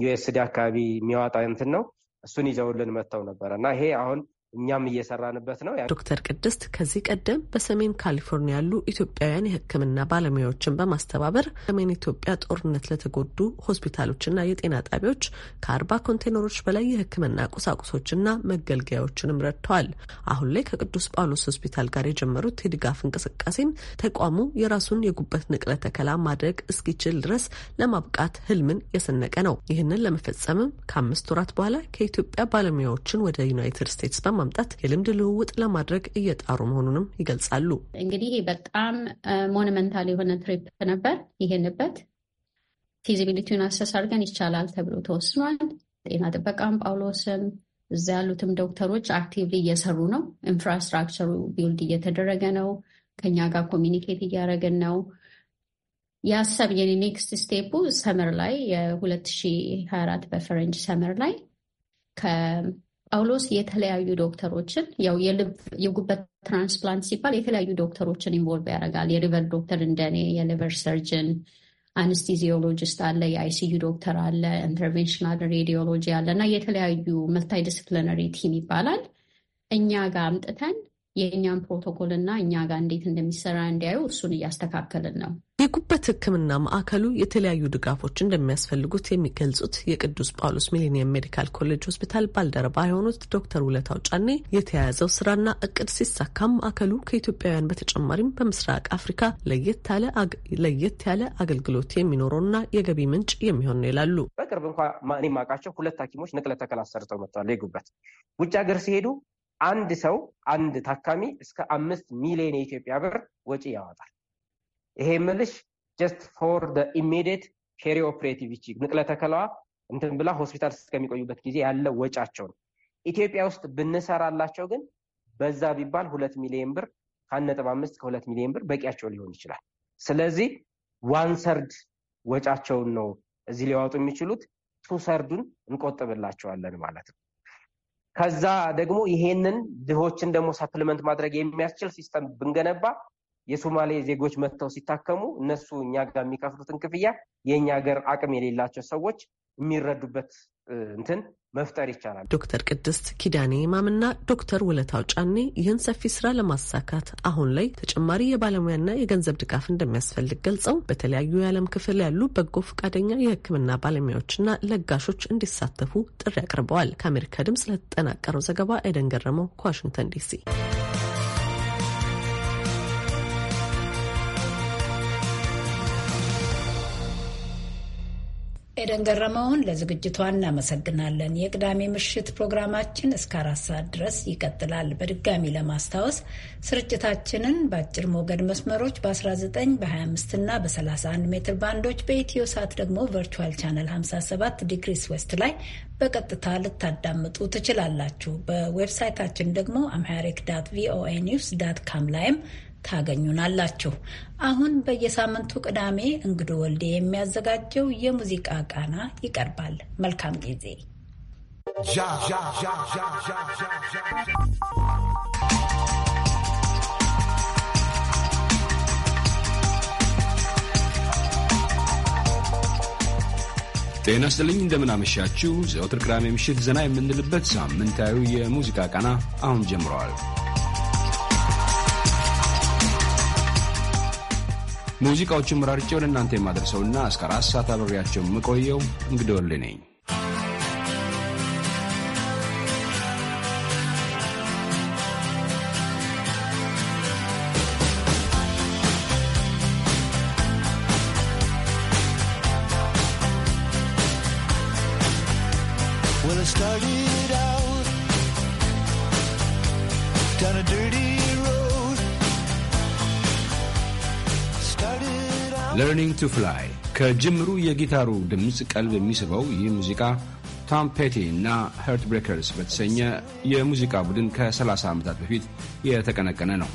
ዩኤስዲ አካባቢ የሚያወጣ እንትን ነው። እሱን ይዘውልን መጥተው ነበረ እና ይሄ አሁን እኛም እየሰራንበት ነው። ዶክተር ቅድስት ከዚህ ቀደም በሰሜን ካሊፎርኒያ ያሉ ኢትዮጵያውያን የሕክምና ባለሙያዎችን በማስተባበር ሰሜን ኢትዮጵያ ጦርነት ለተጎዱ ሆስፒታሎችና የጤና ጣቢያዎች ከአርባ ኮንቴነሮች በላይ የሕክምና ቁሳቁሶችና መገልገያዎችንም ረድተዋል። አሁን ላይ ከቅዱስ ጳውሎስ ሆስፒታል ጋር የጀመሩት የድጋፍ እንቅስቃሴም ተቋሙ የራሱን የጉበት ንቅለ ተከላ ማድረግ እስኪችል ድረስ ለማብቃት ህልምን የሰነቀ ነው። ይህንን ለመፈጸምም ከአምስት ወራት በኋላ ከኢትዮጵያ ባለሙያዎችን ወደ ዩናይትድ ስቴትስ በማምጣት የልምድ ልውውጥ ለማድረግ እየጣሩ መሆኑንም ይገልጻሉ። እንግዲህ በጣም ሞኑመንታል የሆነ ትሪፕ ነበር። ይሄንበት ፊዚቢሊቲውን አስተሳርገን ይቻላል ተብሎ ተወስኗል። ጤና ጥበቃም ጳውሎስም እዛ ያሉትም ዶክተሮች አክቲቭሊ እየሰሩ ነው። ኢንፍራስትራክቸሩ ቢውልድ እየተደረገ ነው። ከኛ ጋር ኮሚኒኬት እያደረግን ነው። ያሰብ የኔ ኔክስት ስቴፑ ሰመር ላይ የ2024 በፈረንጅ ሰመር ላይ ጳውሎስ የተለያዩ ዶክተሮችን ያው የልብ የጉበት ትራንስፕላንት ሲባል የተለያዩ ዶክተሮችን ኢንቮልቭ ያደርጋል። የሊቨር ዶክተር እንደኔ፣ የሊቨር ሰርጅን፣ አንስቲዚዮሎጂስት አለ፣ የአይሲዩ ዶክተር አለ፣ ኢንተርቬንሽናል ሬዲዮሎጂ አለ እና የተለያዩ መልታይ ዲስፕሊነሪ ቲም ይባላል። እኛ ጋር አምጥተን የእኛን ፕሮቶኮል እና እኛ ጋር እንዴት እንደሚሰራ እንዲያዩ እሱን እያስተካከልን ነው። የጉበት ሕክምና ማዕከሉ የተለያዩ ድጋፎች እንደሚያስፈልጉት የሚገልጹት የቅዱስ ጳውሎስ ሚሊኒየም ሜዲካል ኮሌጅ ሆስፒታል ባልደረባ የሆኑት ዶክተር ውለታው ጫኔ የተያያዘው ስራና እቅድ ሲሳካ ማዕከሉ ከኢትዮጵያውያን በተጨማሪም በምስራቅ አፍሪካ ለየት ያለ አገልግሎት የሚኖረውና የገቢ ምንጭ የሚሆን ነው ይላሉ። በቅርብ እንኳ እኔ ሁለት ሐኪሞች ንቅለ ተከላ ሰርተው መጥተዋል። የጉበት ውጭ ሀገር ሲሄዱ አንድ ሰው አንድ ታካሚ እስከ አምስት ሚሊዮን የኢትዮጵያ ብር ወጪ ያወጣል። ይሄ ምልሽ ጀስት ፎር ኢሚዲየት ፔሪ ኦፕሬቲቭ ይቺ ንቅለ ተከላዋ እንትን ብላ ሆስፒታል እስከሚቆዩበት ጊዜ ያለ ወጫቸው ነው። ኢትዮጵያ ውስጥ ብንሰራላቸው ግን በዛ ቢባል ሁለት ሚሊዮን ብር ከአንድ ነጥብ አምስት ከሁለት ሚሊዮን ብር በቂያቸው ሊሆን ይችላል። ስለዚህ ዋን ሰርድ ወጫቸውን ነው እዚህ ሊያወጡ የሚችሉት ቱ ሰርዱን እንቆጥብላቸዋለን ማለት ነው። ከዛ ደግሞ ይሄንን ድሆችን ደግሞ ሰፕልመንት ማድረግ የሚያስችል ሲስተም ብንገነባ የሶማሌ ዜጎች መጥተው ሲታከሙ እነሱ እኛ ጋር የሚከፍሉትን ክፍያ የእኛ ሀገር አቅም የሌላቸው ሰዎች የሚረዱበት እንትን መፍጠር ይቻላል። ዶክተር ቅድስት ኪዳኔ ማምና ዶክተር ውለታው ጫኔ ይህን ሰፊ ስራ ለማሳካት አሁን ላይ ተጨማሪ የባለሙያና የገንዘብ ድጋፍ እንደሚያስፈልግ ገልጸው በተለያዩ የዓለም ክፍል ያሉ በጎ ፈቃደኛ የሕክምና ባለሙያዎችና ለጋሾች እንዲሳተፉ ጥሪ አቅርበዋል። ከአሜሪካ ድምጽ ለተጠናቀረው ዘገባ ኤደን ገረመው ከዋሽንግተን ዲሲ ኤደን ገረመውን ለዝግጅቷ እናመሰግናለን። የቅዳሜ ምሽት ፕሮግራማችን እስከ አራት ሰዓት ድረስ ይቀጥላል። በድጋሚ ለማስታወስ ስርጭታችንን በአጭር ሞገድ መስመሮች በ19 በ25 እና በ31 ሜትር ባንዶች በኢትዮ ሳት ደግሞ ቨርቹዋል ቻነል 57 ዲግሪስ ዌስት ላይ በቀጥታ ልታዳምጡ ትችላላችሁ። በዌብሳይታችን ደግሞ አምሐሪክ ዳት ቪኦኤ ኒውስ ዳት ካም ላይም ታገኙናላችሁ። አሁን በየሳምንቱ ቅዳሜ እንግዶ ወልዴ የሚያዘጋጀው የሙዚቃ ቃና ይቀርባል። መልካም ጊዜ። ጤና ስጥልኝ፣ እንደምን አመሻችሁ። ዘወትር ቅዳሜ ምሽት ዘና የምንልበት ሳምንታዊ የሙዚቃ ቃና አሁን ጀምረዋል። ሙዚቃዎችን መራርጬ ወደ እናንተ የማደርሰውና እስከ አራት ሰዓት አብሬያቸው የምቆየው እንግዲህ ወልድ ነኝ። ሌርኒንግ ቱ ፍላይ ከጅምሩ የጊታሩ ድምፅ ቀልብ የሚስበው ይህ ሙዚቃ ቶም ፔቲ እና ሄርት ብሬከርስ በተሰኘ የሙዚቃ ቡድን ከ30 ዓመታት በፊት የተቀነቀነ ነው።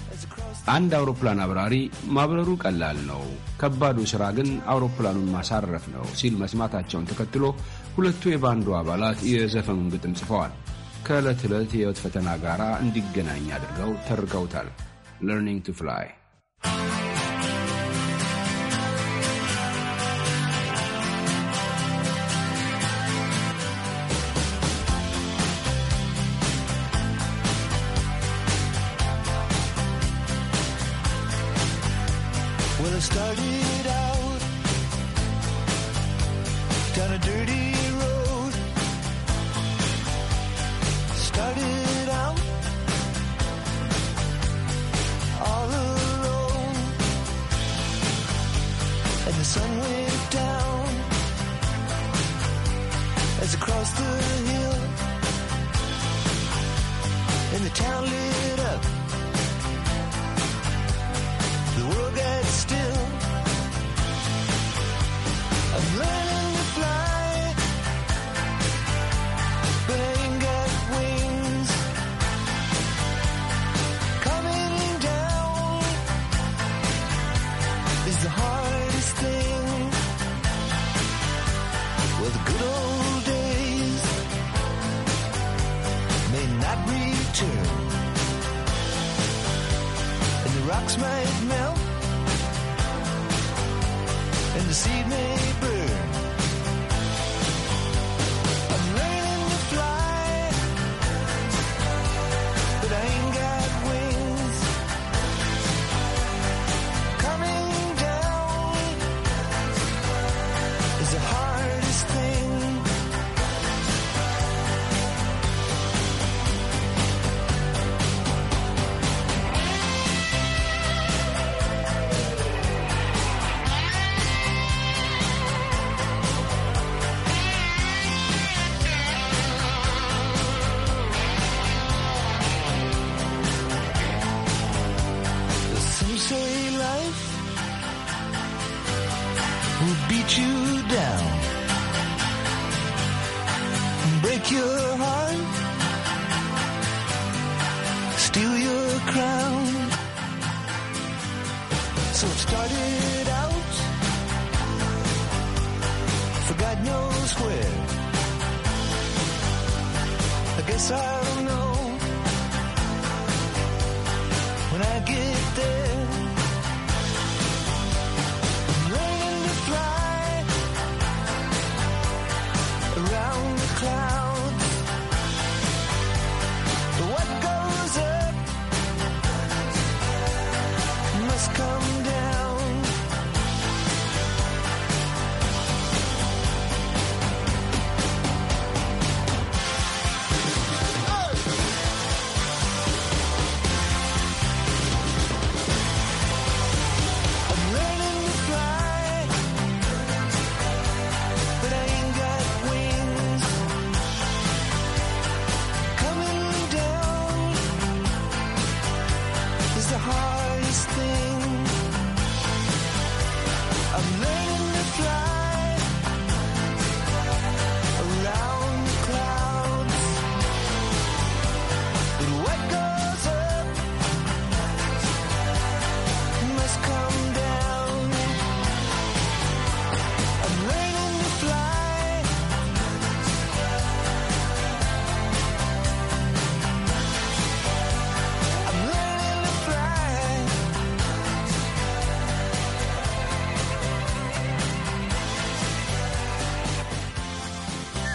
አንድ አውሮፕላን አብራሪ ማብረሩ ቀላል ነው፣ ከባዱ ሥራ ግን አውሮፕላኑን ማሳረፍ ነው ሲል መስማታቸውን ተከትሎ ሁለቱ የባንዱ አባላት የዘፈኑን ግጥም ጽፈዋል። ከዕለት ዕለት የሕይወት ፈተና ጋር እንዲገናኝ አድርገው ተርከውታል። ለርኒንግ ቱ ፍላይ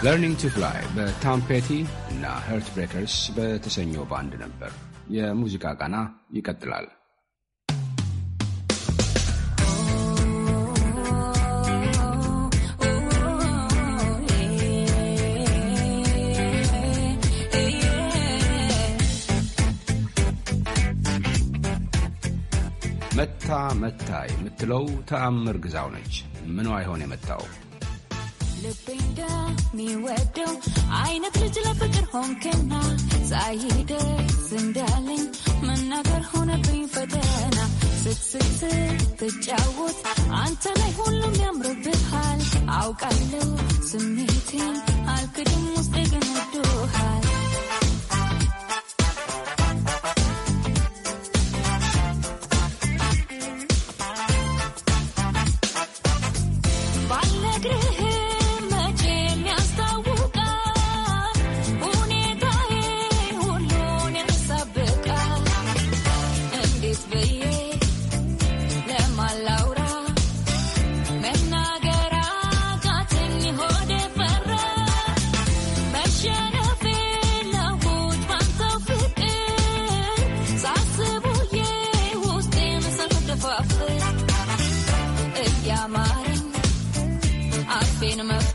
ለርኒንግ ቱ ፍላይ በታም ፔቲ እና ሄርት ብሬከርስ በተሰኘው ባንድ ነበር። የሙዚቃ ቃና ይቀጥላል። መታ መታ የምትለው ተአምር ግዛው ነች። ምኗ አይሆን የመታው ልቤንዳ ሚወደው አይነት ልጅ ለፍቅር ሆንክና ሳይደርስ እንዳለኝ መናገር ሆነብኝ ፈተና ስትስት ትጫወት አንተ ላይ ሁሉም ያምርብሃል አውቃለሁ ስሜቴን አልክድም ውስጥ ግን ወዶሃል in a mouth.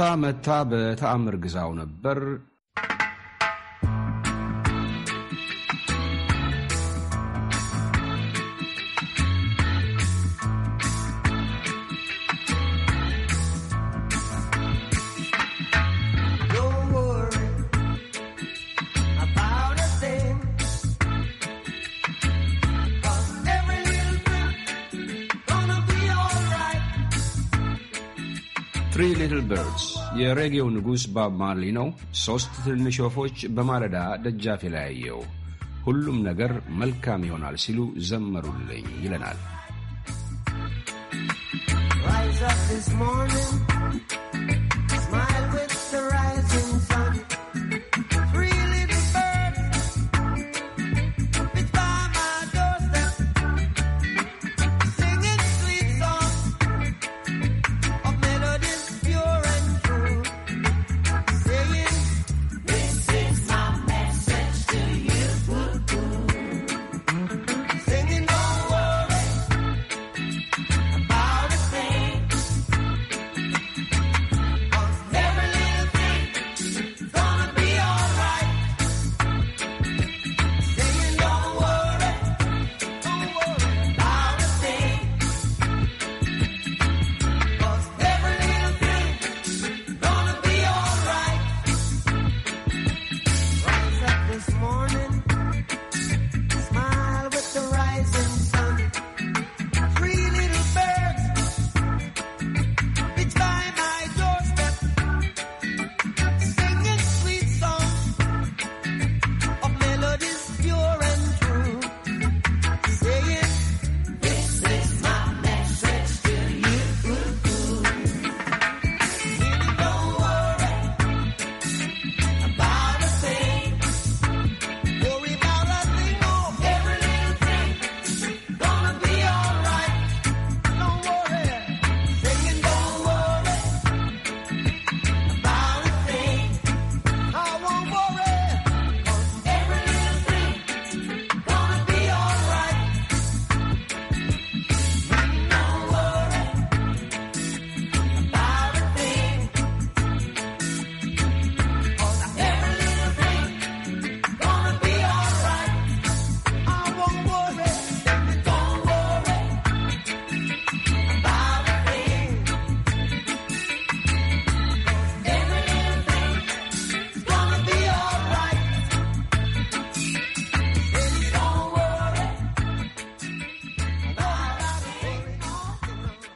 ማታ መታ በተአምር ግዛው ነበር የሬጌው ንጉሥ ባብ ማርሊ ነው። ሦስት ትንንሽ ወፎች በማለዳ ደጃፍ ላይ ሁሉም ነገር መልካም ይሆናል ሲሉ ዘመሩልኝ ይለናል። Rise up this morning.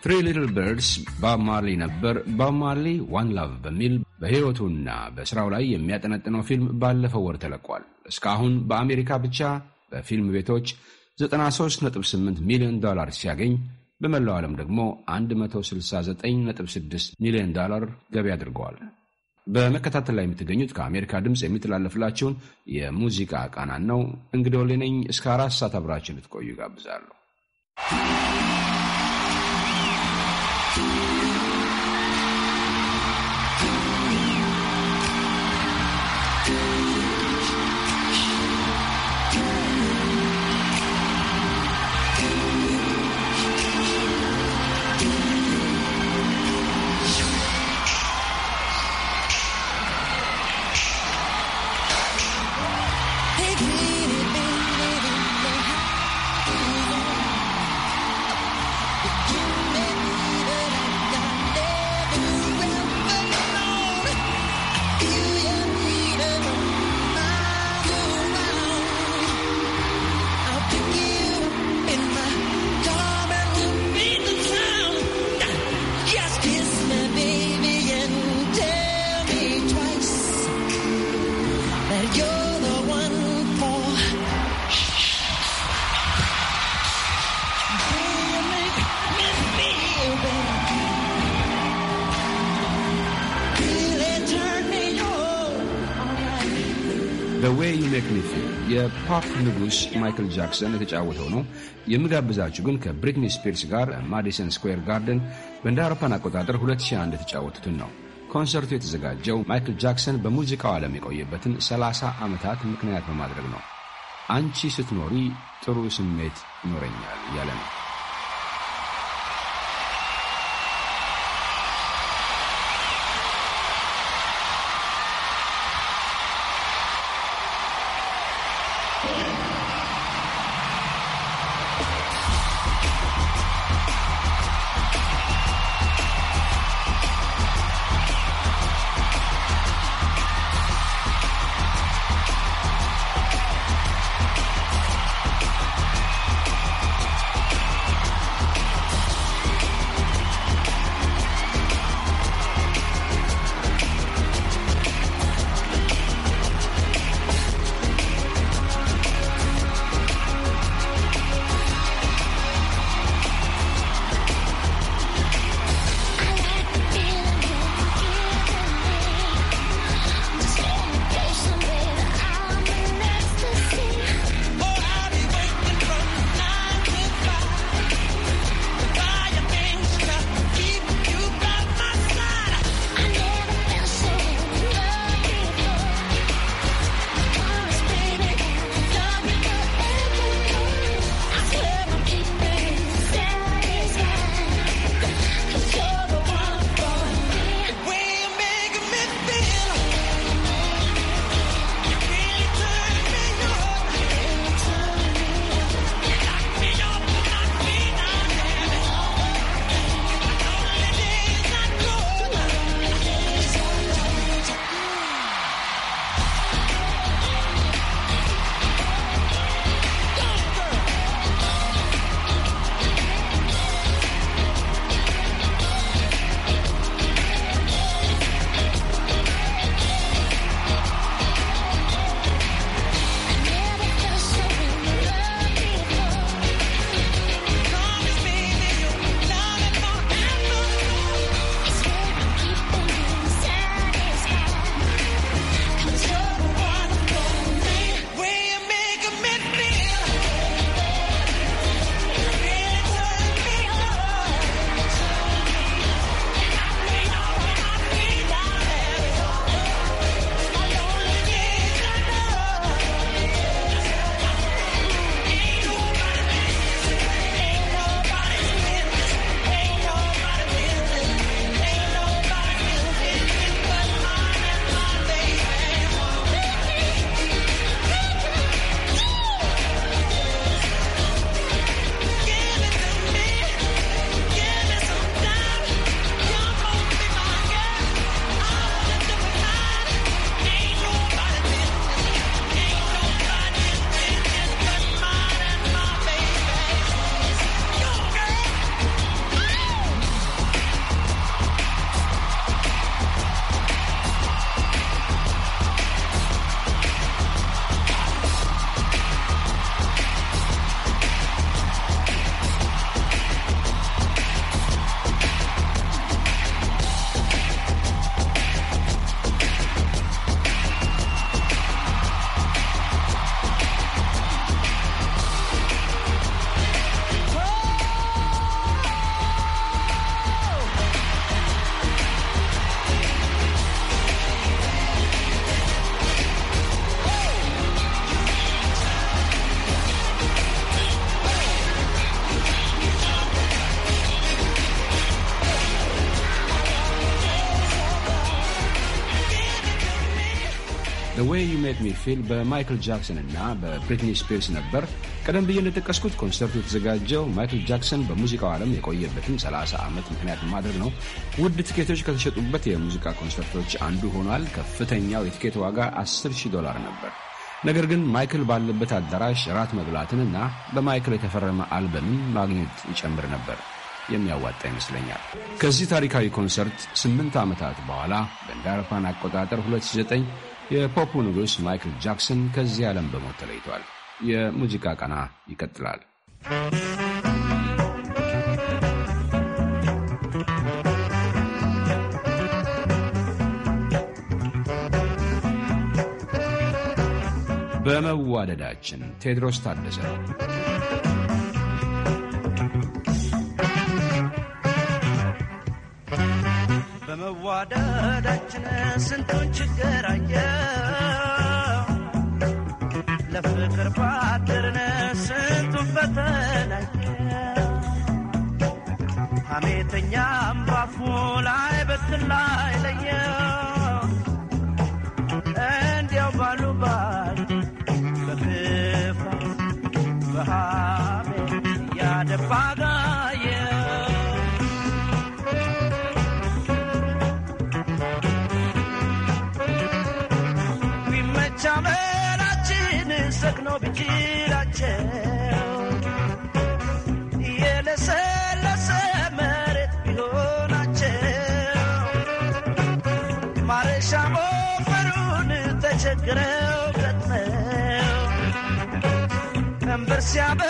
ትሪ ሊትል በርድስ ባብ ማርሊ ነበር። ባብ ማርሊ ዋን ላቭ በሚል በሕይወቱና በሥራው ላይ የሚያጠነጥነው ፊልም ባለፈው ወር ተለቋል። እስካሁን በአሜሪካ ብቻ በፊልም ቤቶች 93.8 ሚሊዮን ዶላር ሲያገኝ በመላው ዓለም ደግሞ 169.6 ሚሊዮን ዶላር ገቢ አድርገዋል። በመከታተል ላይ የምትገኙት ከአሜሪካ ድምፅ የሚተላለፍላችሁን የሙዚቃ ቃናን ነው። እንግዲህ ወሌ ነኝ። እስከ አራት ሰዓት አብራችሁ ልትቆዩ ጋብዛለሁ። Bye. ማይክል ጃክሰን የተጫወተው ነው። የምጋብዛችሁ ግን ከብሪትኒ ስፒርስ ጋር ማዲሰን ስኩዌር ጋርደን በእንደ አውሮፓን አቆጣጠር 2001 የተጫወቱትን ነው። ኮንሰርቱ የተዘጋጀው ማይክል ጃክሰን በሙዚቃው ዓለም የቆየበትን 30 ዓመታት ምክንያት በማድረግ ነው። አንቺ ስትኖሪ ጥሩ ስሜት ይኖረኛል እያለ ነው። ሚፊል በማይክል ጃክሰን እና በብሪትኒ ስፒርስ ነበር። ቀደም ብዬ እንደጠቀስኩት ኮንሰርቱ የተዘጋጀው ማይክል ጃክሰን በሙዚቃው ዓለም የቆየበትን 30 ዓመት ምክንያት ማድረግ ነው። ውድ ትኬቶች ከተሸጡበት የሙዚቃ ኮንሰርቶች አንዱ ሆኗል። ከፍተኛው የትኬት ዋጋ 10 ሺህ ዶላር ነበር። ነገር ግን ማይክል ባለበት አዳራሽ ራት እና በማይክል የተፈረመ አልበምን ማግኘት ይጨምር ነበር። የሚያዋጣ ይመስለኛል። ከዚህ ታሪካዊ ኮንሰርት ስምንት ዓመታት በኋላ በአውሮፓውያን አቆጣጠር 2009 የፖፑ ንጉሥ ማይክል ጃክሰን ከዚህ ዓለም በሞት ተለይቷል። የሙዚቃ ቀና ይቀጥላል። በመዋደዳችን ቴድሮስ ታደሰ በመዋደዳችን ስንቱን ችግር አየው ለፍቅር ባደርን ስንቱን ፈተናየው ሐሜተኛም ባፉ ላይ በትን ላይ ለየው ነው ብችላቸው የለሰለሰ መሬት ቢሆናቸው ማረሻ ሞፈሩን ተቸግረው ገጥመው እንበር ሲያበ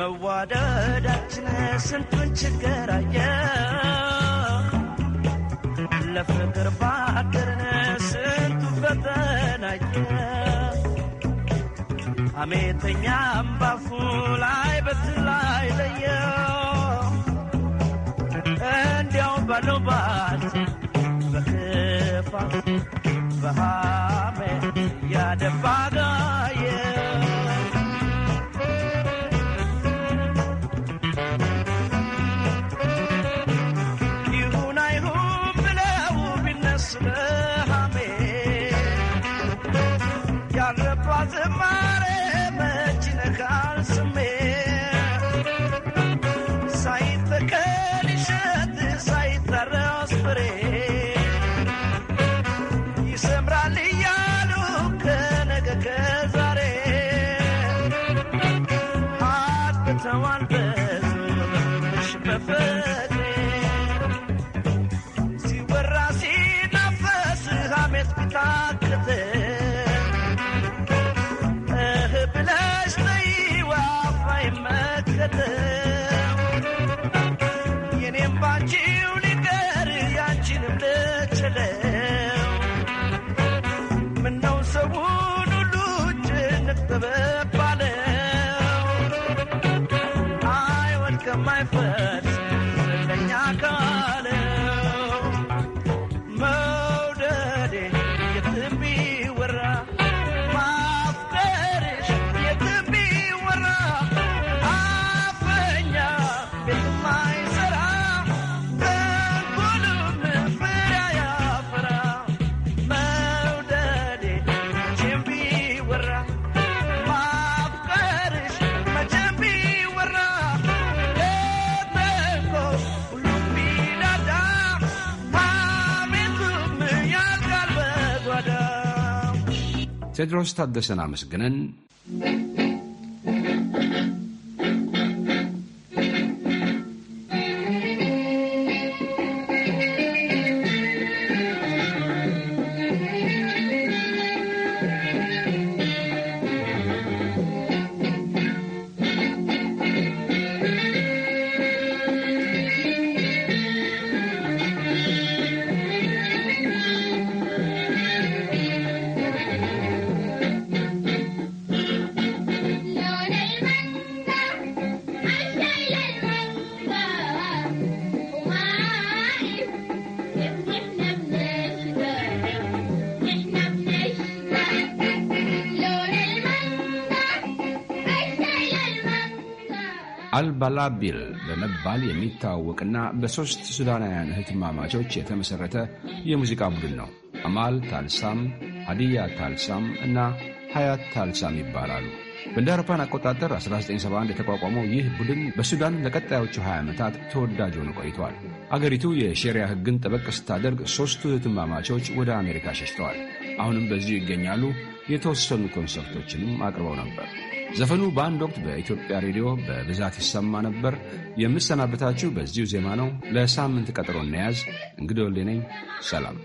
መዋደዳችን ስንቱን ችግር አየ ለፍቅር ባክርን ስንቱ ፈተናየ አሜተኛም ባፉ ላይ በትር ላይ ለየው ባለው ባት በክፋ በሃሜ ያደባጋይ ቴድሮስ ታደሰን አመስግነን ባላቢል በመባል የሚታወቅና በሦስት ሱዳናውያን እህትማማቾች የተመሠረተ የሙዚቃ ቡድን ነው። አማል ታልሳም፣ አዲያ ታልሳም እና ሀያት ታልሳም ይባላሉ። እንደ አውሮፓን አቆጣጠር 1971 የተቋቋመው ይህ ቡድን በሱዳን ለቀጣዮቹ 20 ዓመታት ተወዳጅ ሆኖ ቆይቷል። አገሪቱ የሼሪያ ሕግን ጠበቅ ስታደርግ ሦስቱ እህትማማቾች ወደ አሜሪካ ሸሽተዋል። አሁንም በዚሁ ይገኛሉ። የተወሰኑ ኮንሰርቶችንም አቅርበው ነበር። ዘፈኑ በአንድ ወቅት በኢትዮጵያ ሬዲዮ በብዛት ይሰማ ነበር። የምሰናበታችሁ በዚሁ ዜማ ነው። ለሳምንት ቀጠሮ እናያዝ። እንግዲህ ወሌ ነኝ። ሰላም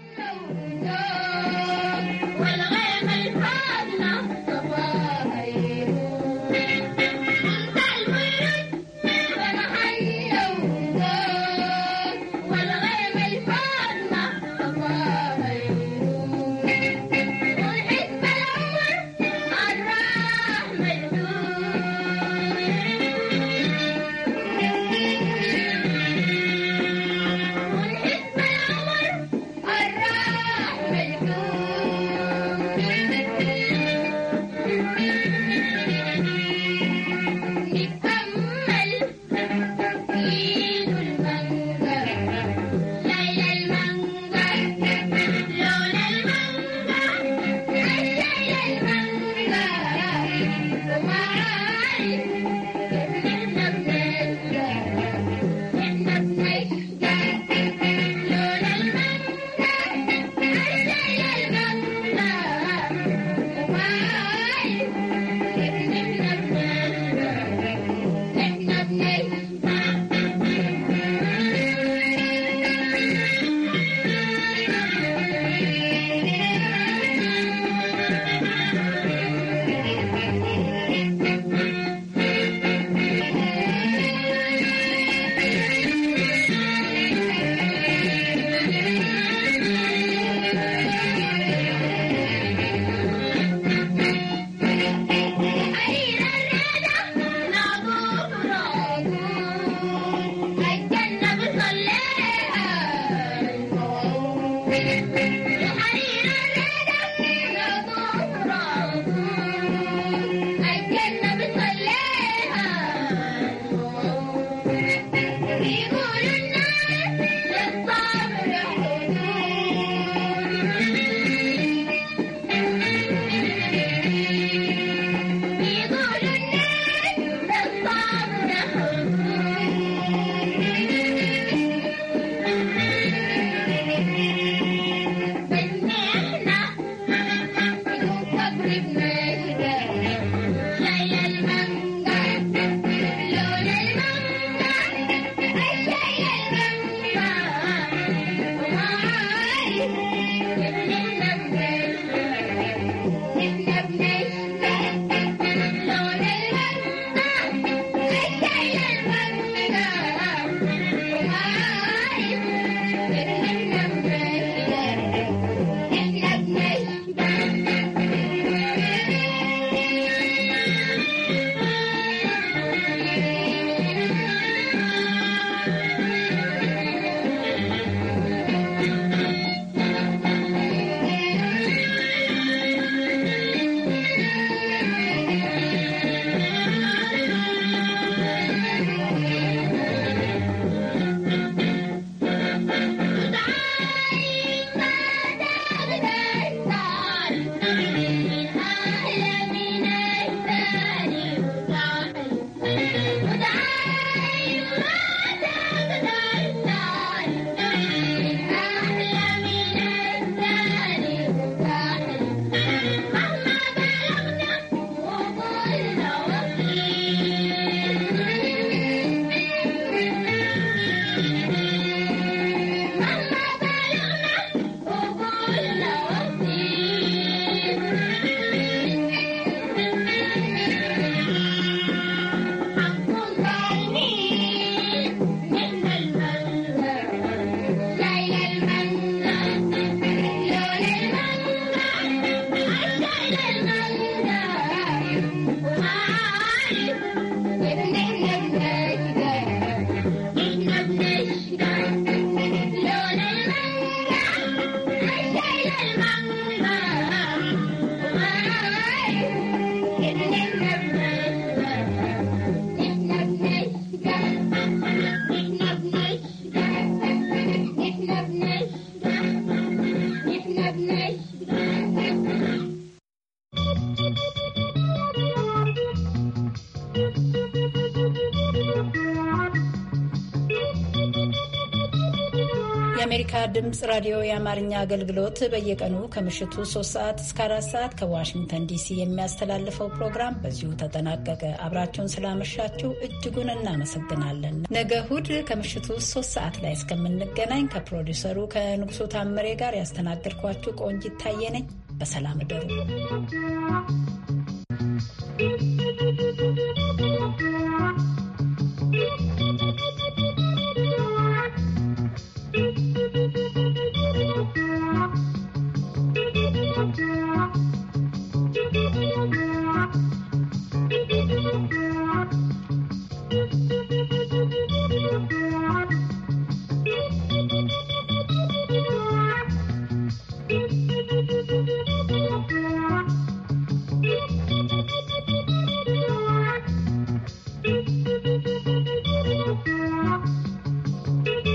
ድምፅ ራዲዮ የአማርኛ አገልግሎት በየቀኑ ከምሽቱ 3 ሰዓት እስከ 4 ሰዓት ከዋሽንግተን ዲሲ የሚያስተላልፈው ፕሮግራም በዚሁ ተጠናቀቀ። አብራችሁን ስላመሻችሁ እጅጉን እናመሰግናለን። ነገ እሁድ ከምሽቱ 3 ሰዓት ላይ እስከምንገናኝ ከፕሮዲውሰሩ ከንጉሱ ታምሬ ጋር ያስተናገድኳችሁ ቆንጂት ታየ ነኝ። በሰላም እደሩ።